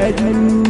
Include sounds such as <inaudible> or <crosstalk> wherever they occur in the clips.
Edmund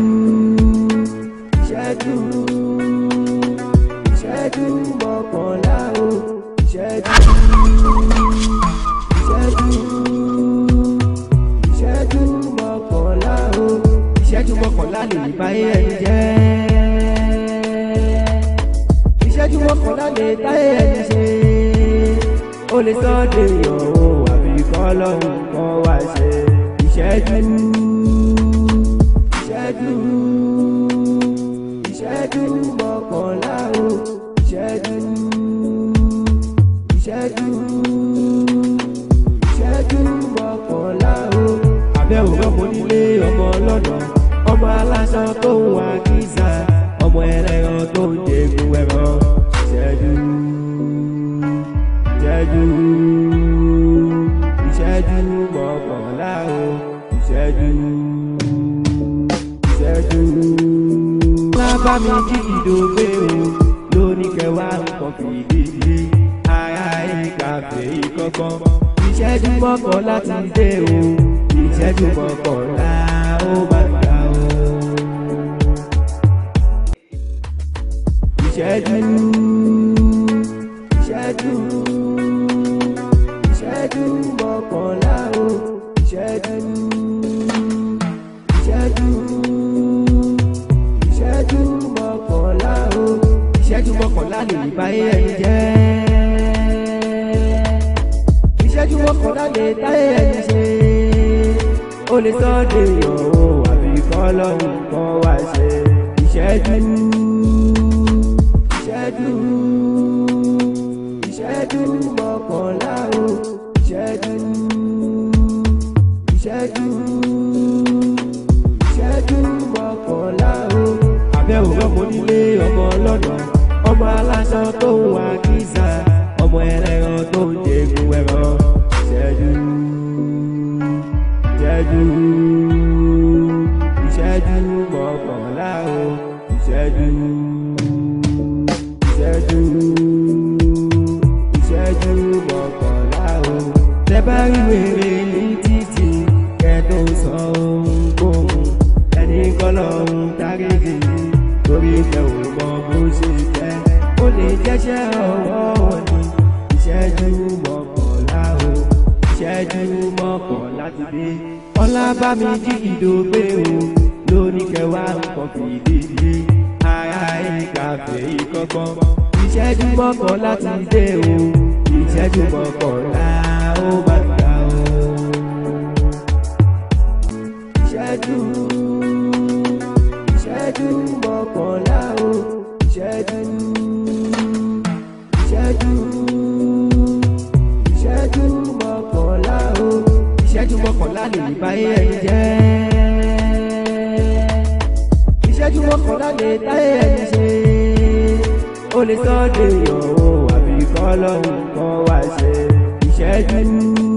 ìṣẹ́jú ìṣẹ́jú mọ́kànlá o ìṣẹ́jú ìṣẹ́jú ìṣẹ́jú mọ́kànlá o ìṣẹ́jú mọ́kànlá lè ní báyé ẹni jẹ́ ìṣẹ́jú mọ́kànlá lè táyé ẹni ṣe ó lè sọ́ọ́ dèèyàn o àbí kọ́ lọ́hùn kan wá ṣe ìṣẹ́jú.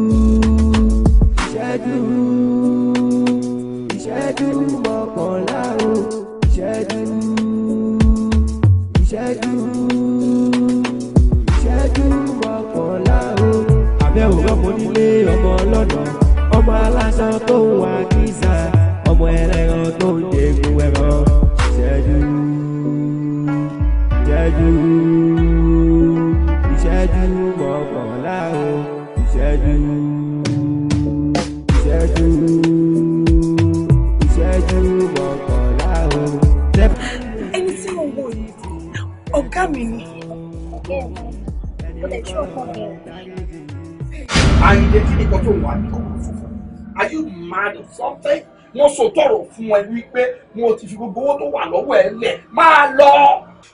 ìṣẹ́jú ìṣẹ́jú mọ́kànlá o ìṣẹ́jú ìṣẹ́jú ìṣẹ́jú mọ́kànlá o. ẹni tí Are you mad or something? Wọ́n sọ tọrọ fún ẹ wípé mo ti fi gbogbo owó tó wà lọ́wọ́ ẹ lẹ̀ máa lọ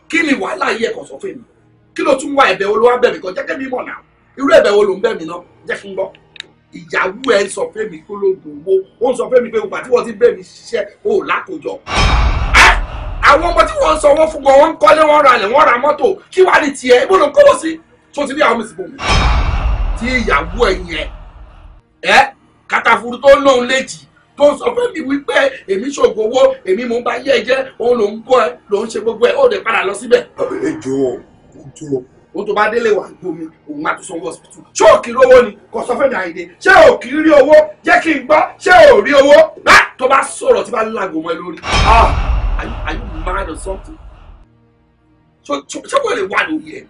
kí ni wàhálà yìí ẹ̀kọ́ sọ fún mi kí ló tún wá ẹ̀bẹ̀ wo ló wá bẹ̀ mí kan jẹ́ kí mi mọ̀ náà irú ẹ̀bẹ̀ wo ló ń bẹ̀ mí náà jẹ́ kí n gbọ́ ìyàwó ẹ̀ ń sọ fún mi kó ló gùn owó ó ń sọ fún mi pé ògbà tí wọ́n ti bẹ̀ mí ṣiṣẹ́ o lákòjọ. àwọn ọmọ tí wọ́n ń sọ wọ́n fún gan wọ́n ń kọ́lé wọ́n ra lẹ̀ wọ́n ra mọ́tò kí wàá ní tiẹ̀ ibò ti ní àwọn mèsì bòmí. tí ìyàwó ẹ̀ yẹn ẹ lóun léjì tó sọ fún mi wípé èmi ṣògo owó èmi mò bá yẹ jẹ òun ló ń bọ ẹ ló ń ṣe gbogbo ẹ ó lè padà lọ síbẹ̀. ẹ jọ̀ọ́ ẹ jọ̀ọ́ o tó bá délé wà gbomi òun máa tó sanwó hospital ṣé òkì lówó ni kò sọ fẹ́mi àyìndé ṣé òkì rí owó jẹ́ kí n gbọ́ ṣé ò rí owó bá tó bá sọ̀rọ̀ tí bá lágò mọ́ ẹ lórí ah! Ah! are you mad or something ṣé kò lè wà lóye ẹ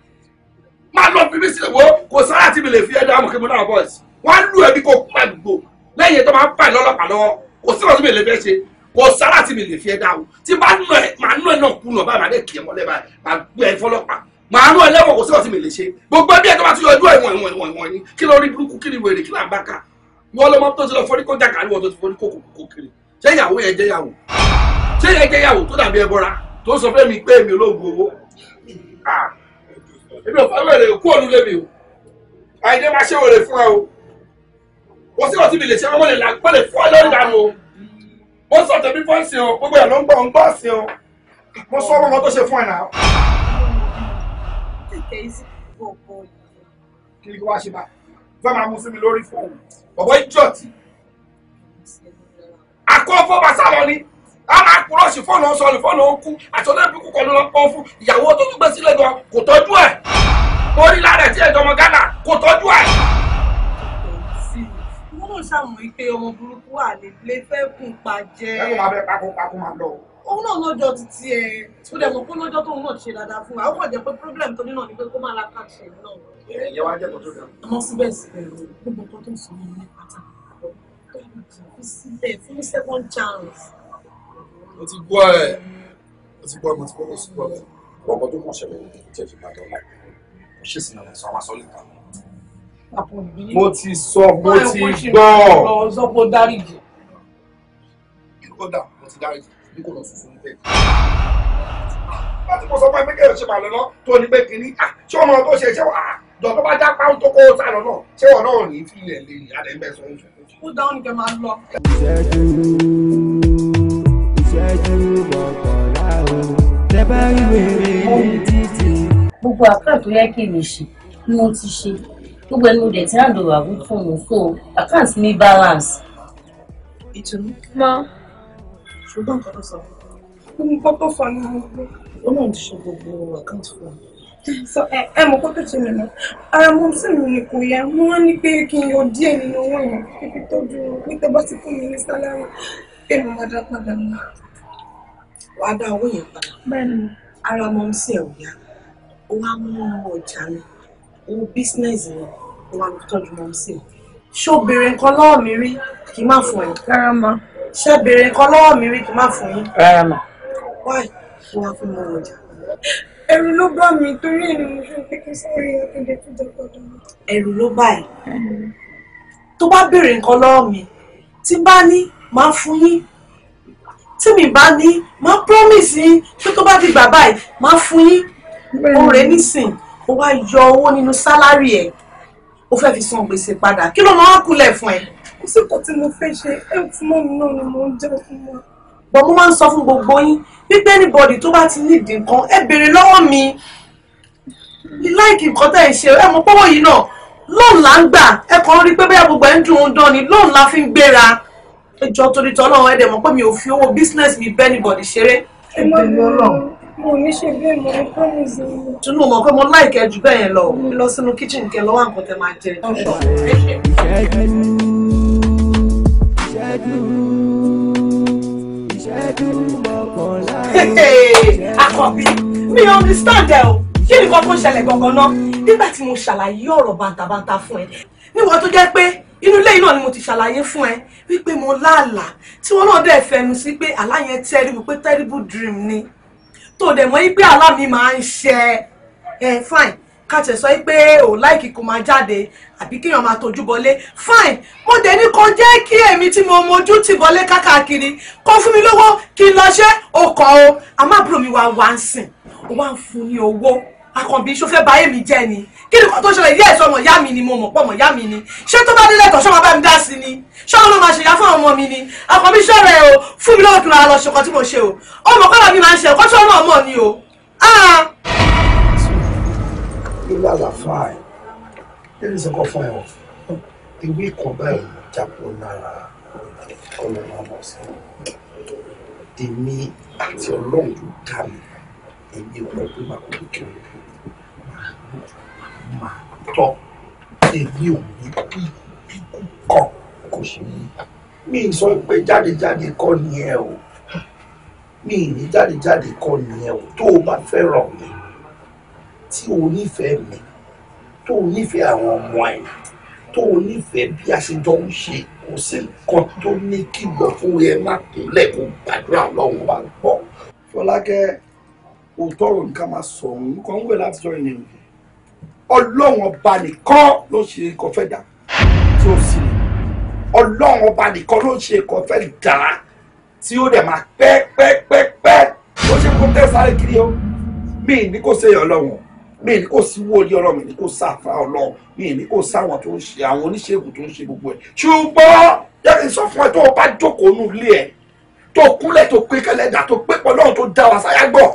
máa lọ fi mí sílẹ̀ wo kò sára tí mi lè fi ẹ dáhùn kí mo náà boys wọ́n á lù ẹ́ bí kò pa àdúgbò lẹ́yìn tó máa ń báyìí lọ́lọ́pàá lọ́wọ́ kò sí ọ̀sùn mi lè fẹ́ ṣe kò sára tí mi lè fi ẹ dá o tí bá nù ẹ màá nù ẹ náà kú nù báyìí màá dé kì í mọ́lẹ́ báyìí màá gbé ẹ fọlọ́pàá màá nù ẹ lẹ́wọ̀n kò sí ọ̀sùn mi lè ṣe gbogbo ẹbí ẹ tó bá ti yọ ojú ẹ̀wọ̀n ẹ̀wọ̀n ẹ̀wọ̀n ẹ̀wọ̀n yìí kí ló rí burúkú kí ni wèrè kí là ń bá ká wọ́n lọ́mọ tó ti lọ fọ́rí kó jàkà ní wọ́n tó ti fọ́rí kó kòkó kiri ṣé ìyàwó yẹn jẹ́ ìyàwó ṣé ìyẹn jẹ́ ìyàwó tó dàbí ẹbọra tó sọ fẹ́ mi pé èmi olóògùn owó ah, èmi ò fẹ́ wẹ̀rẹ̀ kú òun lé mi o àìdè máa ṣe wẹ̀rẹ̀ fúnra o kò sí ọtí mi lè ṣe ọmọ lè là gbọ́dọ̀ fún ẹ lórí ìdánù o mo sọ tẹ̀mí fún ẹ̀sìn o gbogbo ẹ̀ ló ń gbọ́ ń gbọ́ ẹ̀sìn o mo sọ ọmọ tó ṣe fún ẹ̀ náà. kí ni kí wàá ṣe bá fẹ́ máa mú sí mi lórí fóònù bọ̀bọ̀ ìjọ́tì àkọ́ fọ́ba sálọ ni a máa kú fóònù ọ̀sọ̀ fóònù ọ̀hún àti olóòbí kú ló pọ́n fún ìyàwó tó tún gbé sílẹ̀ gan kò tọ́jú ẹ̀ torí lára ẹ̀ tí ẹ̀ dọmọ Ghana kò tọ́jú ẹ̀ náà ṣàmù pé ọmọ burúkú wà nílé fẹ́ kùn pa jẹ́. ẹ máa bẹ pákópákó máa lọ. òun náà lọ́jọ́ ti tiẹ̀ ó dẹ̀ mọ̀ kó lọ́jọ́ tóun náà ṣe dáadáa fún wa ó kàn jẹ́ pé problem tó ní náà ni pé kó máa la ká ṣe náà. ẹ̀yẹ wa jẹ́ kó tó dà. àmọ́ síbẹ̀síbẹ̀ gbogbo nǹkan tó sọ ní pàtàkì sílẹ̀ ti gbọ́ ẹ ti gbọ́ ẹ mo ti gbọ́ ẹ mo ti gbọ́ ẹ mo ti sọ mo ti gbọ́. ọ sọ pé ó dáríjì. kódà mo ti dáríjì bí kò lọ sùn sórí bẹ́ẹ̀. láti mo sọ fún ẹ pé kéèyàn ṣe màá lọ lọ tó ní pé kínní ṣé ọmọ tó ṣe ṣé wàá jọ tó bá já páwọn tó kó sá lọ náà ṣé wọn náà ní fílẹ̀ lè ní adẹ́gbẹ́ sọ oúnjẹ. ó dáhùn ní kẹ́ máa lọ. ìṣẹ́jú ìṣẹ́jú bọ̀kọ̀lá o tẹ bá rí wèrè ní títì. gbogbo àkáǹtì tó yẹ kí n ṣe ni mo ti ṣe gbogbo ẹni mo dẹ̀ ti hand over fún fóònù so account mi balance. ìtùnú. mọ ṣùgbọ́n nǹkan tó sọ fún mi kọ́ tó sọ ní náà ti ṣe gbogbo account fún mi so ẹ ẹ mọ kó tó ṣe lè mọ ara mo sì lù ní kò yẹ mo wá ní pé kí n yọ díẹ̀ nínú owó yẹn fífi tọ́jú níta bá ti fún mi ní sálárì pé mo máa dá padà mọ. wàá dá owó yẹn padà. bẹ́ẹ̀ni ara mo ń ṣe ẹ̀ wíyá ó wá mú ọjà mi owó business yẹn kó wá lọ tọ́jú mọ́ sí i. ṣó béèrè nǹkan lọ́wọ́ mi rí kí n má fún yín. rárá ma. ṣé béèrè nǹkan lọ́wọ́ mi rí kí n má fún yín. rárá ma. wáì kí wọ́n fi mọ ọjà. ẹ̀rù ló bá mi torí ẹni mo ṣe ń akéde tó dọ́gbọ́dọ́. ẹ̀rù ló bá ẹ̀. tó bá béèrè nǹkan lọ́wọ́ mi tí bá ní máa fún yín tí mi bá ní máa promise yín pé tó bá di bàbá yìí máa fún yín òun rẹ̀ nísìn ó wá yọ owó nínú sálárì ẹ̀ ó fẹ́ fi san gbèsè padà kí ló máa ń kulẹ̀ fún ẹ. kò sí nǹkan tí mo fẹ́ ṣe help mọ́ mi náà ni mo ń jẹ́ fún wa. bọ̀ mo máa ń sọ fún gbogbo yín wípé anybody tó bá ti nídìí nǹkan ẹ béèrè lọ́wọ́ mi láìkì nǹkan tẹ̀ ẹ ṣe ẹ mọ pọ́wọ́ yìí náà lóun là ń gbà ẹ kàn ń rí pé bóyá gbogbo ẹ ń dùn ún dán ni lóun la fi ń gbéra ẹjọ́ torítọ́ náà ẹ dẹ̀ mọ̀ pé mi ò fi owó business mi bẹ́ẹ̀ anybody ṣeré. ẹ bẹ̀rẹ̀ ọlọ́run mo ní ṣe bẹ́ẹ̀ mo ní promise mi. tunu mọ̀ pé mo láìkẹ́ ju bẹ́ẹ̀ yẹn lọ lọ sínú kitchen kẹ lọ́wọ́ nǹkan tẹ máa jẹ. ìṣẹ́jú ìṣẹ́jú ìṣẹ́jú mọ́kànlá. àkọ́bí mi ò understand ẹ o kí ni kọ́kọ́ ṣẹlẹ̀ gangan náà nígbà tí mo ṣàlàyé ọ̀rọ̀ bàǹtàbàǹtà fún ẹ níwọ̀ tó jẹ́ pé inú ilé yìí náà ni mo ti ṣàlàyé fún ẹ wípé mo láàlà tí wọn náà dẹ̀ fẹnu sí pé àlá yẹn terrible pé terrible dream ni tó dẹ̀ mọ́ pé àlá mi máa ń ṣe ẹ fine ká tẹ̀ sọ pé ò láìkì kò máa jáde àbí kéèyàn máa tọ́jú bọlé fine mo dẹ̀ ní kó jẹ́ kí èmi tí mo mojú ti bọlé káàkiri kó fún mi lówó kí n lọ ṣe okọ̀ o àmọ́ àbúrò mi wá wá ń sìn wá ń fún ní owó àkànbí ṣó fẹ́ báyé mi jẹ́ ni kí ni kò tó ṣẹlẹ̀ ilé ẹ̀sọ́ ọmọ ìyá mi ni mo mọ̀ pọ̀ ọmọ ìyá mi ni ṣé tó bá délé ẹ̀tọ́ ṣọ́ máa bá mi dá sí ni ṣọ́ ló máa ṣèyá fún ọmọ mi ni àkànbí ṣọ́rẹ̀ o fún mi lọ́wọ́ kí lọ ṣe tí mo ṣe o ọmọ kọ́lá mi máa ń ṣe ọkọ tí ọmọ ọmọ ni o. Ah! èmi àti ọlọ́run ló mi èmi ò mọ̀ pé màá kó kékeré máa tọ́ èmi ò ní bí kíkú kan kò ṣe yí mi sọ pé jádejáde kọ́ ni ẹ o mi ní jádejáde kọ́ ni ẹ o tó o bá fẹ́ràn mi tí o nífẹ̀ẹ́ mi tó o nífẹ̀ẹ́ àwọn ọmọ ẹ̀ tó o nífẹ̀ẹ́ bí a ṣe jọ ń ṣe kò sí nǹkan tó ní kí lọ fún ẹ má kúnlẹ̀ kó gbàdúrà lọ́wọ́ wa gbọ́. Fọlákẹ́ òótọ́ ọ̀rọ̀ nǹkan máa sọ̀rọ̀ nǹkan ń wẹ̀ látijọ́ ìnìyàn ọlọ́run ọba nìkan ló ṣe nǹkan fẹ́ dà tí ó sì ní ọlọ́run ọba nìkan ló ṣe nǹkan fẹ́ dà tí ó dẹ̀ máa pẹ́ pẹ́ pẹ́ pẹ́ ló ṣe kó tẹ́ kiri o mi ní kò ṣe ọlọ́run mi ní kò sí wòlíì ọlọ́run mi ní kò sáfà ọlọ́run mi ní kò sáwọn tó ń ṣe àwọn oníṣègùn tó ń ṣe gbogbo ẹ̀ ṣùgbọ́n yẹ́nì sọ fún ẹ tó o bá jókòó nù ilé ẹ̀ tó kúnlẹ̀ tó pé kẹlẹ́dà tó pé pọ̀ lọ́run tó dá wa sáyà gbọ̀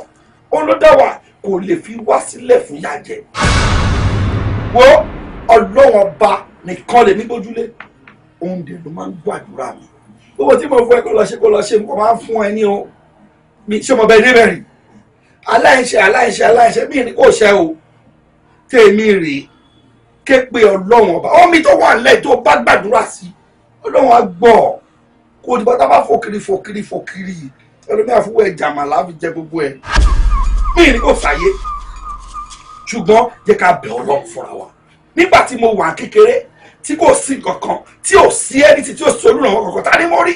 ó ló dá wa kò lè fi wá sílẹ̀ fún yàjẹ́ wo ọlọ́wọ́n ọba nìkan lèmi gbójúlé òun dè ló máa ń gbàdúrà mi gbogbo tí mo fún ẹ kó lọ ṣe kó lọ ṣe mo máa ń fún ẹ ní o mi ṣé mo bẹ dé bẹ̀rẹ̀ aláìṣẹ̀ aláìṣẹ̀ aláìṣẹ̀ bí ní kò ṣe o tèmi rèé ké pe ọlọ́wọ́n ọba omi tó wà nílẹ̀ tó bá gbàdúrà sí ọlọ́wọ́n á gbọ́ kó o ti bá tá a bá fòkiri fòkiri fòkiri ẹlòmíà fún ẹ̀jàmàlà fi jẹ gbogbo ẹ̀ mí ní kò fàyè ṣùgbọ́n jẹ́ ká bẹ̀ ọlọ́run fúnra wa nígbà tí mo wà kékeré tí kò sí kankan tí ò sí ẹni tí ò sí olùrànwọ́ kankan ta ni mo rí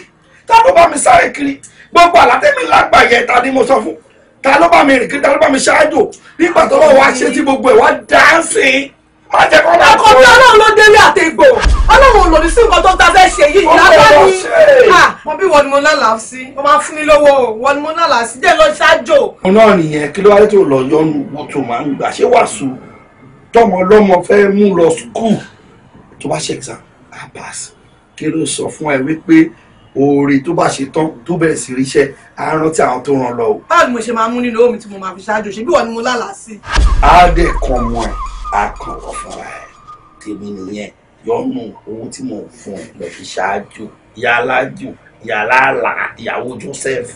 ta ló bá mi sáré kiri gbogbo àlátẹ́mi lágbà yẹn ta ni mo sọ fún ta ló bá mi rìn kiri ta ló bá mi ṣáájò nígbà tó lọ́wọ́ wá ṣe tí gbogbo ẹ̀ wá dáńsìn má jẹ́ kó máa kó. ọkọ mi ọlọ́run ló délé àtẹ̀gbò ọlọ́run lòdì sí nǹkan tó ta fẹ́ ṣe yìí ìyá bá ní. mo bí wọn ni mo lálàá sí ó máa fún mi lówó wọn ni mo lálàá sí jẹ́ lọ ṣáájò. mo náà nìyẹn kí ló wá dé tó lọ yọnu owó tó máa ń gbà ṣé wàásù tọmọ ọlọmọ fẹ́ mú lọ skul tó bá ṣe exam á pass kí ló sọ fún ẹ wípé oore tó bá ṣe tán tó bẹ̀rẹ̀ sí ríṣẹ́ á rántí àwọn tó ràn lọ o. báwo ni mo ṣe máa mú nínú owó tí mo máa fi ṣáájú ṣe bí wọn ni mo lálàá sí. á dẹ̀ kan mọ́ ẹ̀ á kàn wọ́n fúnra ẹ̀ tèmi nìyẹn yọnu owó tí mo fún ọ lọ fi ṣáájú ìyá alájù ìyá aláàlà ìyàwó Joseph.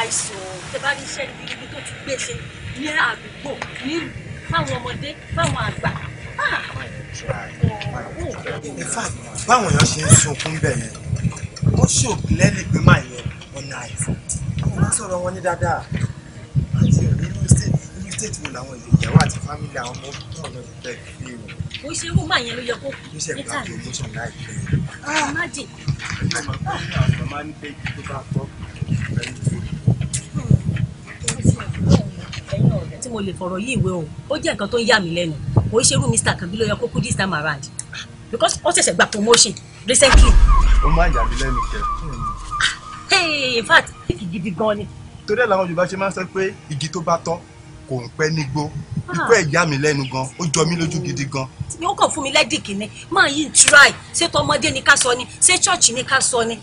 àìsàn tẹ bá rí iṣẹ́ ibi tó ti gbé ṣe ní àdúgbò nílùú fáwọn ọmọdé fáwọn àgbà. Ah! in fact báwọn èèyàn ṣe ń sunkún bẹ́ẹ̀ yẹn wọ́n ṣòkì lẹ́nu ìgbìmọ̀ yẹn ọ̀nà àìfọ̀ wọ́n sọ̀rọ̀ wọn ní dáadáa àti ìlú state ìlú state wo làwọn ìyàwó àti fámìlì àwọn ọmọ náà lọ bẹ́ẹ̀ bí wọn. mo ṣe rúmà yẹn ló yẹ kó kú níta ṣe gbàgbé mo ṣe láìpẹ́. má ọmọ ah! máa ń bẹ́ẹ̀ tó bá kú. mo lè fọ̀rọ̀ yí ìwé o ó jẹ́ nǹkan tó ń yà mí lẹ́nu kò í ṣerú Mr. Kambi ló yẹ kó kú this time around because ó ṣẹ̀ṣẹ̀ gba promotion recently. ó máa ń yà mí lẹ́nu kẹ. in fact kìkì gidi gan ni. torí ẹ̀ làwọn Yorùbá ṣe máa ń sọ pé igi tó bá tọ́ kò ń pẹ́ nígbó ikú ẹ̀ yà mí lẹ́nu gan ó jọ mí lójú gidi gan. ó kàn fún mi lẹ́dì kìíní máa yí try ṣé tọmọdé ni ká sọ ni ṣé ṣọ́ọ̀ṣì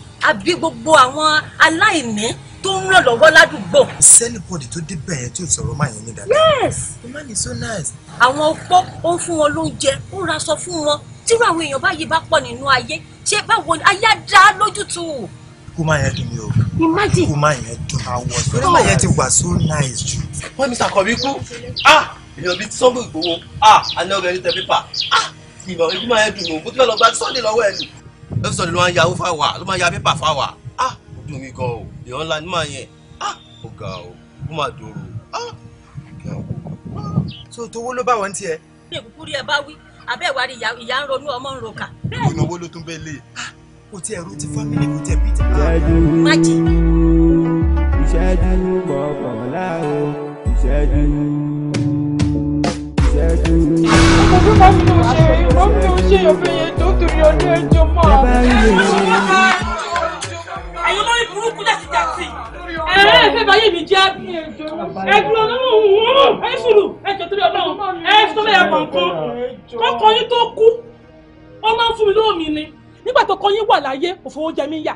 tó ń ràn lọ́wọ́ ládùúgbò. sẹ́nìbọ̀dì tó débẹ̀ yẹn tí ò sọ̀rọ̀ máa yẹn ní dáadáa. yes the man is so nice. àwọn opó ó ń fún wọn lóúnjẹ ó ń raṣọ fún wọn tírú àwọn èèyàn báyìí bá pọ̀ nínú ayé ṣé báwo ayé á dá lójútùú. kó má yẹn dùn mí o imagine kó má yẹn dùn àwọ̀ tó má yẹn ti wà so nice jù. wọ́n mi sàkọ̀bí kú ah èèyàn bíi sọ́gbọ̀n ìgbòho ah àná ọ̀rẹ́ ní tẹ dùn mí gan o èèyàn ńlá ní màá yẹn ó ga o ó máa dòrò so towó ló bá wọn tiẹ̀. ilé ìkúkú rí ẹ bá wí abẹ́ ìwà ìyá ń ronú ọmọ ń roka. ọ̀nà owó ló tún bẹ́ẹ̀ lé kò tiẹ̀ ro ti fámìlì kò tiẹ̀ bí ti bá má jì. ìṣẹ́jú kọ̀ọ̀kọ̀ọ̀lá o ìṣẹ́jú ìṣẹ́jú. àkókò bá mi ò ṣe ìwọ́n mi ò ṣe ìyọ̀bẹ̀yẹ tó torí ọdún ẹjọ́ mọ́ àwọn ẹ̀yin olórí burúkú láti sí. ẹ ẹ fẹ́ báyé mi jẹ́ ẹ̀dùn ọlọ́run ẹ sùúrù ẹ jọ torí ọlọ́run ẹ sọ́lẹ̀ ẹ̀ kọ̀ọ̀kan kọ́kọ́ yín tó kú ó máa ń fún mi lómi nígbà tó kọ́ yín wà láyé òfòwò jẹ yà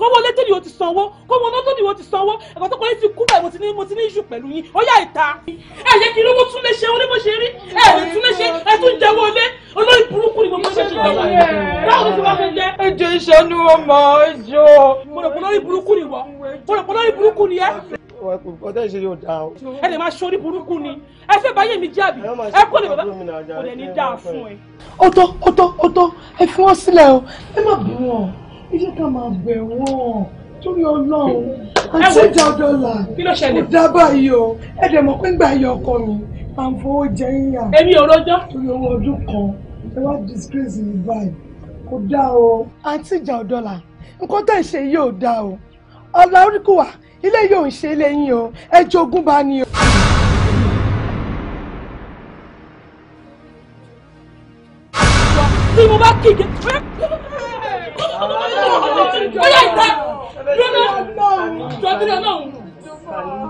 kọ́wọ́ létí ni o ti sanwó kọ́wọ́ lọ́tọ́ ni o ti sanwó ẹ̀kọ́ tó kọ́ létí kú báyìí mo ti ní mo ti ní iṣu pẹ̀lú yín ó ìta. ẹ yẹ kí irúgbó tún lè ṣe oníbó ṣe rí ẹ lè tún lè ṣe ẹ tún jẹwọ lé olórí burúkú ni gbogbo ṣe ṣe jẹwọ lé báwo ló ti wá fẹ́ jẹ. ejò ìṣẹ́nu ọmọ ejò. mo rò pé olórí burúkú ni wọ mo rò burúkú ni ẹ ọjọ́ ìṣe kò lè ní ẹ jẹ́ ká máa bẹ̀ wọ́n torí ọlọ́run àti ìjà ọ̀dọ́là kò dábàá yìí o ẹ dẹ̀ mọ̀ pé ń gbà yọ ọkọ mi à ń fowó jẹ yíyà èmi ò rọjọ́ torí owó ọdún kan ẹ wá disgrace mi báyìí kò dá o àti ìjà ọ̀dọ́là nǹkan tẹ̀ ṣe yóò dá o ọ̀la oríkùwà ilé yóò ń ṣe lẹ́yìn o ẹ jogún bá ní o. tí mo bá kíje bóyá ìta lónà jọdúró náà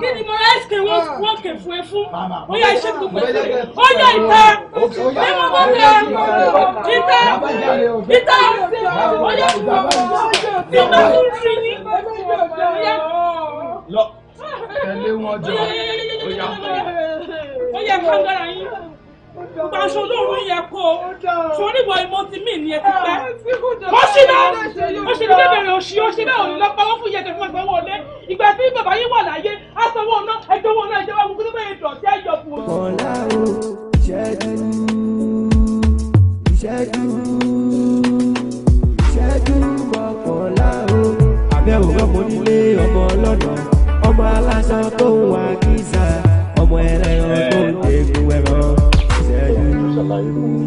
kí ni mo rẹ ẹsìkè wọn kè fún ẹ fún bóyá iṣẹ́ tó pẹ̀lú bóyá ìta ní mo mọ bẹ ìta ìta bóyá ìta tí mo tún rí ní bóyá. lọ tẹ̀lé wọn jọ bóyá. bóyá ìka ń dára yín gba aṣọ olóòrùn yẹ kó o sórí ìwọ ìmọ̀ tí mi ní ẹ ti pẹ́ ó ṣì náà ó ṣe nílé bẹ̀rẹ̀ òṣì ó ṣe bẹ́ẹ̀ òní lọ́pọ̀ wọ́n fún yẹtẹ̀ fún ẹ̀sán wọlé ìgbà tí bàbá yín wà láyé aṣọwọ́ ọ̀nà ẹjọ́ wọn náà ìjọba gbogbo tó bẹ̀rẹ̀ dọ̀tí ẹ̀yọ̀ fún un. kọ̀ọ̀lá o ṣẹ́jú ṣẹ́jú ṣẹ́jú kọ̀ọ̀lá o àbẹ̀wò ọmọ onílé ọmọ ọlọ́dọ̀ ọmọ aláṣọ tó wà kíza ọmọ ẹlẹ́ ṣàlàyé fún mi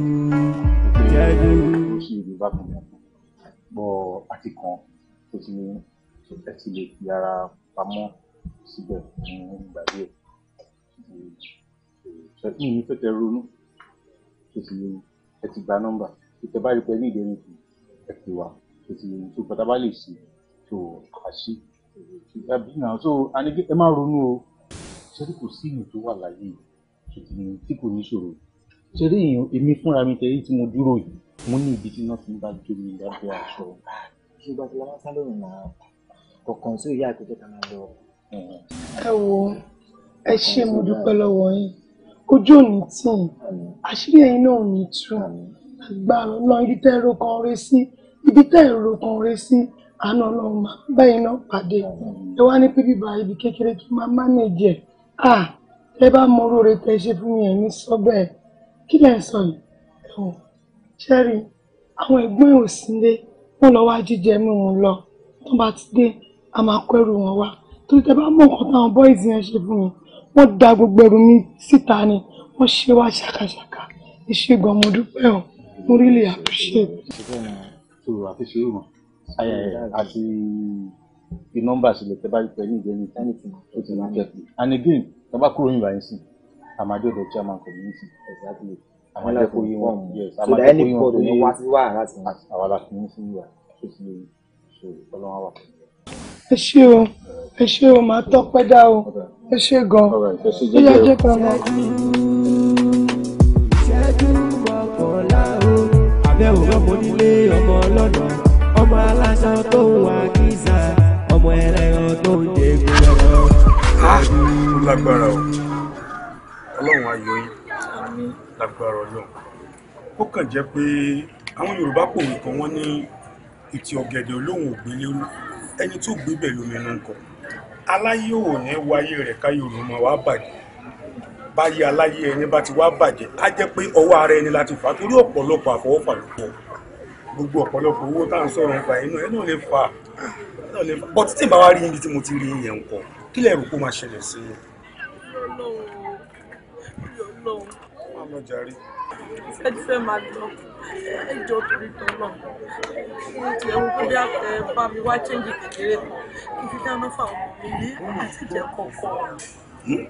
pé ó sì rí bákan náà bọ́ àti kan tó ti ní ẹ ti lè fi ara pamọ́ síbẹ̀ ní ìgbà díẹ̀ ṣẹ́tí yìí fẹ́ tẹ ronú tó ti ẹ ti gba nọ́mbà ìtẹ́ bá rí pé ní ìdẹ́rìn kù ẹ ti wà tó ti tó bàtà bá lè ṣe tó má ronú o ṣẹ́tí kò sí ìlú tó wà láyé tí kò ní ṣòro torí èèyàn èmi fúnra mi tẹ̀lé tí mo dúró yìí mo ní ibi tí iná ti ń bá jó mi lábẹ́ aṣọ. ṣùgbọ́n ti lọ́wọ́ sálọ́run náà kọ̀ọ̀kan sí ìyá àgbẹ̀jẹ̀ ká máa lọ. ẹ wo ẹ ṣé mo dúpẹ́ lọ́wọ́ yín ojú òní tì í àṣírí ẹ̀yin náà ò ní tú agbára lọ ibi tẹ́ ẹ̀rọ kan rẹ sí ibi tẹ́ ẹ̀rọ kan rẹ sí àánú ọlọ́run máa náà pàdé ẹ wá ní pé bíbá ibi kékeré tó máa mánéjì ẹ̀ ẹ bá mọ oróore tẹ́ ṣe fún mi ẹ̀ ní sọ́bẹ̀ẹ́ kí lẹ ń sọ yìí ẹwọn ṣẹrí àwọn ẹ̀gbọ́n ò sílé wọn lọ wá jíjẹ mímu lọ tó bá ti dé a máa kó ẹrù wọn wá torí tẹ bá mọ nǹkan táwọn bọ́ìsì yẹn ṣe fún mi wọ́n da gbogbo ẹrù mi síta ni wọ́n ṣe wá ṣàkàṣàkà ìṣègùn ọmọ dúpẹ́ ọ mo rí lè àpèṣe. àti fi nọ́mbà sílẹ̀ tẹ bá rí pẹ̀lú ìgbẹni tẹnifù ó ti máa kẹfù and again tẹ bá kúrò yìnbọn yìí sí i Amadio the chairman community. Exactly. Amadio kò yí wọn. Yes. So that any call ní wá sí wàhálà láti Àwọn aláṣẹ ní sí wà. Ṣé ti ṣe ọlọ́run wà ẹ ṣé o ẹ ṣé o máa tọpẹ́ dá o ẹ ṣé gan ẹ yá jẹ ká mọ. àbẹ̀wò ọmọ onílé ọmọ ọlọ́nà ọmọ aláṣọ tó wà kíza ọmọ ẹlẹ́yọ tó ń dé gbọ́dọ̀. lágbára o ayọ̀ yín ní lágbára ọlọ́run ó kàn jẹ́ pé àwọn yorùbá pòwe kan wọ́n ní ìtì ọ̀gẹ̀dẹ̀ olóhùn ògbé lérú ẹni tó gbé bẹ̀ lómi inú nǹkan aláyé ò ní wáyé rẹ̀ ká yorùbá wá bàjẹ́ báyé aláyé ẹni bá ti wá bàjẹ́ á jẹ́ pé ọwọ́ ara ẹni láti fà torí ọ̀pọ̀lọpọ̀ àfọwọ́fà ló pọ̀ gbogbo ọ̀pọ̀lọpọ̀ owó tá à ń sọ̀rọ̀ nípa inú ẹ náà lè fà náà lè fà bọ́tí tí ìbá wa rí ibi tí mo ti rí yẹn ń kí lẹ̀ rò kó máa ṣẹlẹ̀ sí i. Ọlọ́run. Hmm?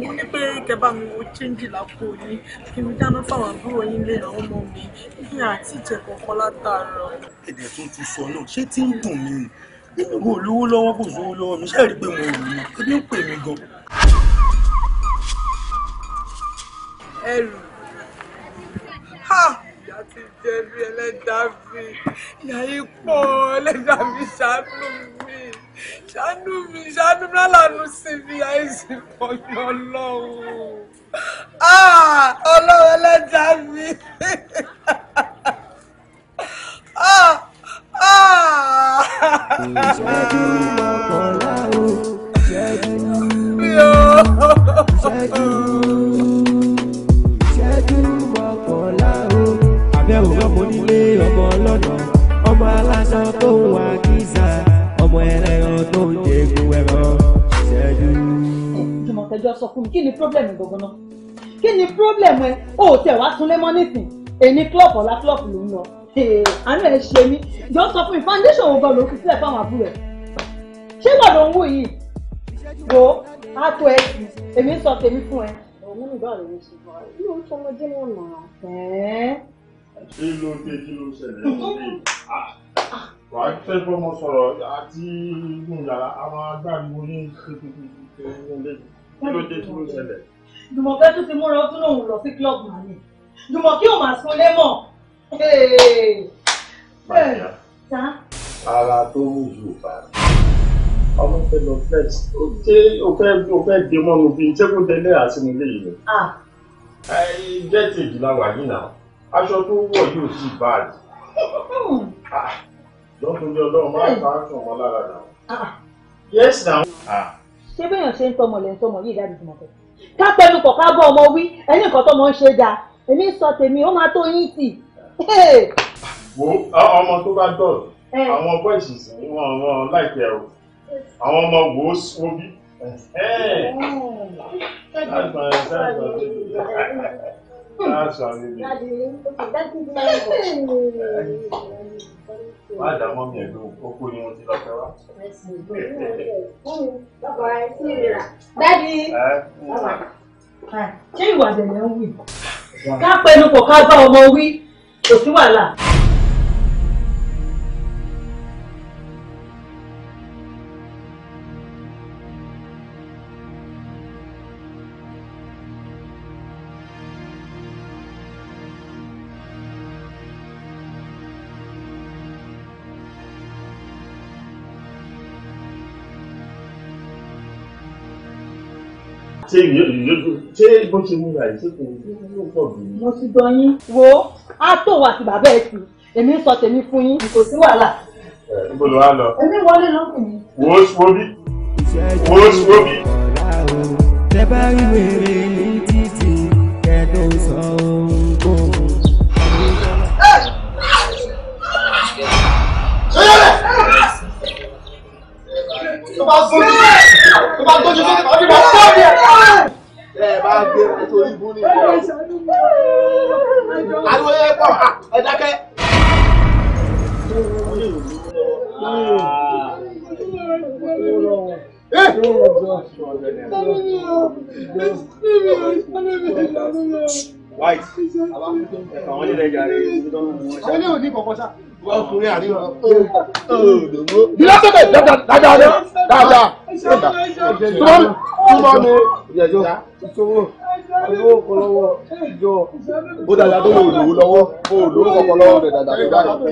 Mo ní pé kẹbà mi ò chẹ́ǹgì lápò yìí kí n dáná fáwọn àbúrò yín lé àwọn ọmọ mi ní àti ìjẹ kọ̀ọ̀kan látàárọ̀. èdè tó ti sọ náà ṣé tí ń dùn mí nínú olówó lọ́wọ́ kò sówó lọ́wọ́ mi ṣáà rí i pé mo rò ó ebi ń pè mí gan ẹrù ìyá ti jẹ mí ẹlẹ́dàá mi ìyá yìí pọ̀ ẹlẹ́dàá mi ṣàánú mi ṣàánú mi ṣàánú mi lálàánú sí mi àìsàn ìfọyín ọlọ́run ọlọ́run ẹlẹ́dàá mi ìṣẹ́jú mọ́kànlá o ìṣẹ́jú ìṣẹ́jú. ọmọ onílé ọmọ ọlọ́nà ọmọ aláṣọ tó ń wá kíza ọmọ ẹlẹ́yọ tó ń jẹ́gun ẹ̀rọ ṣẹ́jú. jùmọ̀kẹ́jọ sọ fún mi kí ni pírọ́blẹ̀mù gbogbo náà kí ni pírọ́blẹ̀mù ẹ o tẹ̀ wá túnlé mọ́ nísìn èmi klọ́ọ̀pù ọ̀la klọ́ọ̀pù ló ń lọ àánú ẹ ṣe mí jọ sọ fún mi foundation wo gan ló fi sílẹ̀ fáwọn àbúrò ẹ̀ ṣé wọ́n ló ń wò yìí wo á tó ẹ sí èmi sọ tèmi fún ẹ. òun nígbà bá a yóò sọ ọmọdé wọn kí ló dé kí ló ṣẹlẹ̀ ṣe ah, wà á fẹ́ bọ́mọ sọ̀rọ̀ àti inú yàrá àwọn agbáriwo ní kí ló dé kí ló ṣẹlẹ̀. Jùmọ̀kẹ́ tún ti múra ó tún lòun lọ sí club màmí Jùmọ̀kẹ́ ò máa sún lẹ́mọ̀. ara tó mú yóò bá mi ọmọ fẹ́ lọ flex ó dé ó fẹ́ ó fẹ́ dé mọ́nu bíi ṣé kó délé àti nílé yìí. Ah. ẹ jẹ́ tèjì la yìí náà aṣọ tó wọ̀ yóò sì báàlì. lọ́dún ní ọlọ́run máa bá sùn ọmọ lára náà. yes na. Ah. ṣé bẹ́ẹ̀ ṣe ń tọmọ lẹ́yìn tọmọ yìí dáàbò tọmọ tẹ. ká pẹ́ẹ́nu kọ̀ ká bọ́ ọmọ wí ẹni nǹkan tọmọ ń ṣe dáa èmi sọ tèmi ó máa tó yín tì. wo ọmọ tó bá dọ̀rọ̀ àwọn bọ́ìsì sì ń wọ́n wọn láìpẹ́ o àwọn ọmọ wo wo bí. Hey! That's my, that's my <laughs> Má dà mọ́ mi ẹ̀dùn okú ni mo ti lọ fẹ́ wá. Dádì. Ṣé ìwà bẹ̀rẹ̀ ń wì? Ká pẹnu kò ká bá ọmọ wí, kò sí wàhálà. ṣé ṣé bó ṣe múra yìí ṣé kò ló pọ̀ jù. mo ti gbọ́ yín wo á tó wà sí bàbá ẹ̀ sí èmi sọ tèmi fún yín kò sí wàhálà. ẹ níbo ló wá lọ. èmi wọlé ló kù mí. wo wo bí wo wo bí. tẹ bá rí wèrè ní títì kẹ sọ ohun kò mú. Sọ́yọ́lẹ̀! Tó bá sọ́yọ́lẹ̀! bá gbójú sí ọdún bá sọ ní ẹ. ẹ bá gbé nítorí ibú ní ìlú. ariwo yẹ pọ ah, ẹ dákẹ́. White, àwọn ilé ìjà rẹ̀ ló ń mú ẹ ṣáà. Àwọn ilé ò ní kọ̀kọ́ ṣáà ọkùnrin àríwá òdòdó. ìlọ́sọ̀bẹ̀ dáadáa dáadáa dáadáa túmọ̀ ní ìyẹ̀jọ́ ìṣòwò ìṣòwò kan lọ́wọ́ ìjọ. ó dáadáa tó yóò lòó lọ́wọ́ ó lòó kọ̀ọ̀kan lọ́wọ́ rẹ̀ dáadáa tó dáadáa.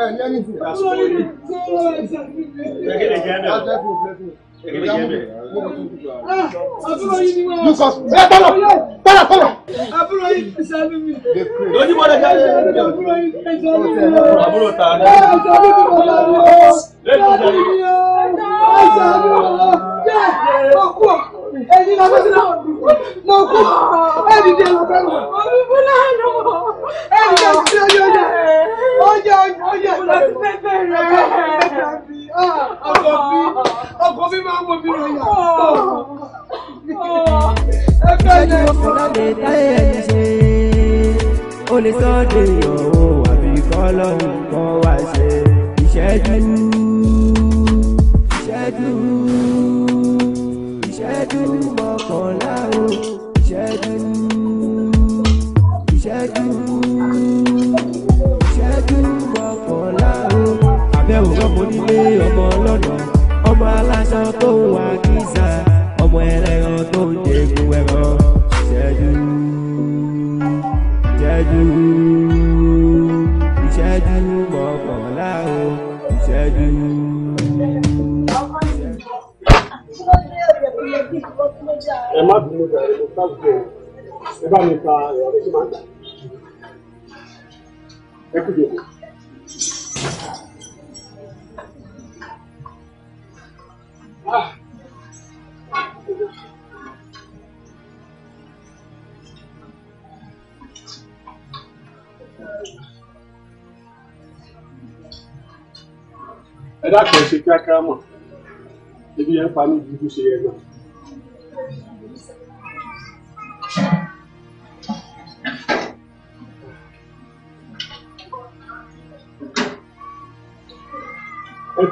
ẹ ní ẹni tí. Lucas, ẹ tọ́lọ̀ tọ́lọ̀ tọ́lọ̀. Àbúrò yìí ti ṣàánú mi. Lójúmọ́ lè jáde. Àbúrò yìí ti ṣàánú mi. Àbúrò ta ni. Ẹ ṣàánú mi bàbá mi o. Ṣàánú mi o. Ẹ ṣàánú mi o. Yẹ ọkọ ẹ̀yin náà wọ́n ti náà mo kú ẹ̀ẹ́dì dé lọ fẹ́ràn omi fúnra nù ẹ̀ẹ́dì dé sí ọjọ́ ọjà ọjà ọjà ọjà pẹ́pẹ́ rẹ̀ ọkọ̀ mi ọkọ̀ ah, mi máa ń mọ mi rẹ̀ yà ẹgbẹ́ yẹn kọ́ o lè sọ de yọ o àbí kọ́lọ́ nǹkan wá ṣe ìṣẹ́jú ìṣẹ́jú ìṣẹ́jú mọ́kànlá o ìṣẹ́jú ìṣẹ́jú ìṣẹ́jú mọ́kànlá o. àbẹ̀wò ọmọ onílé ọmọ ọlọ́nà ọmọ aláṣọ tó ń wá kíza ọmọ ẹlẹ́ran tó ń jẹ̀gùn ẹ̀rọ. mo bẹ̀rẹ̀ mo sáwùjọ ẹ bá mi ta ẹ̀rọ tí máa ń tà ẹ kú jòkó. ẹ dákun ẹ ṣe kíákíá mọ ibi yẹn ń pa ní ibi tó ṣe yẹ náà. ẹ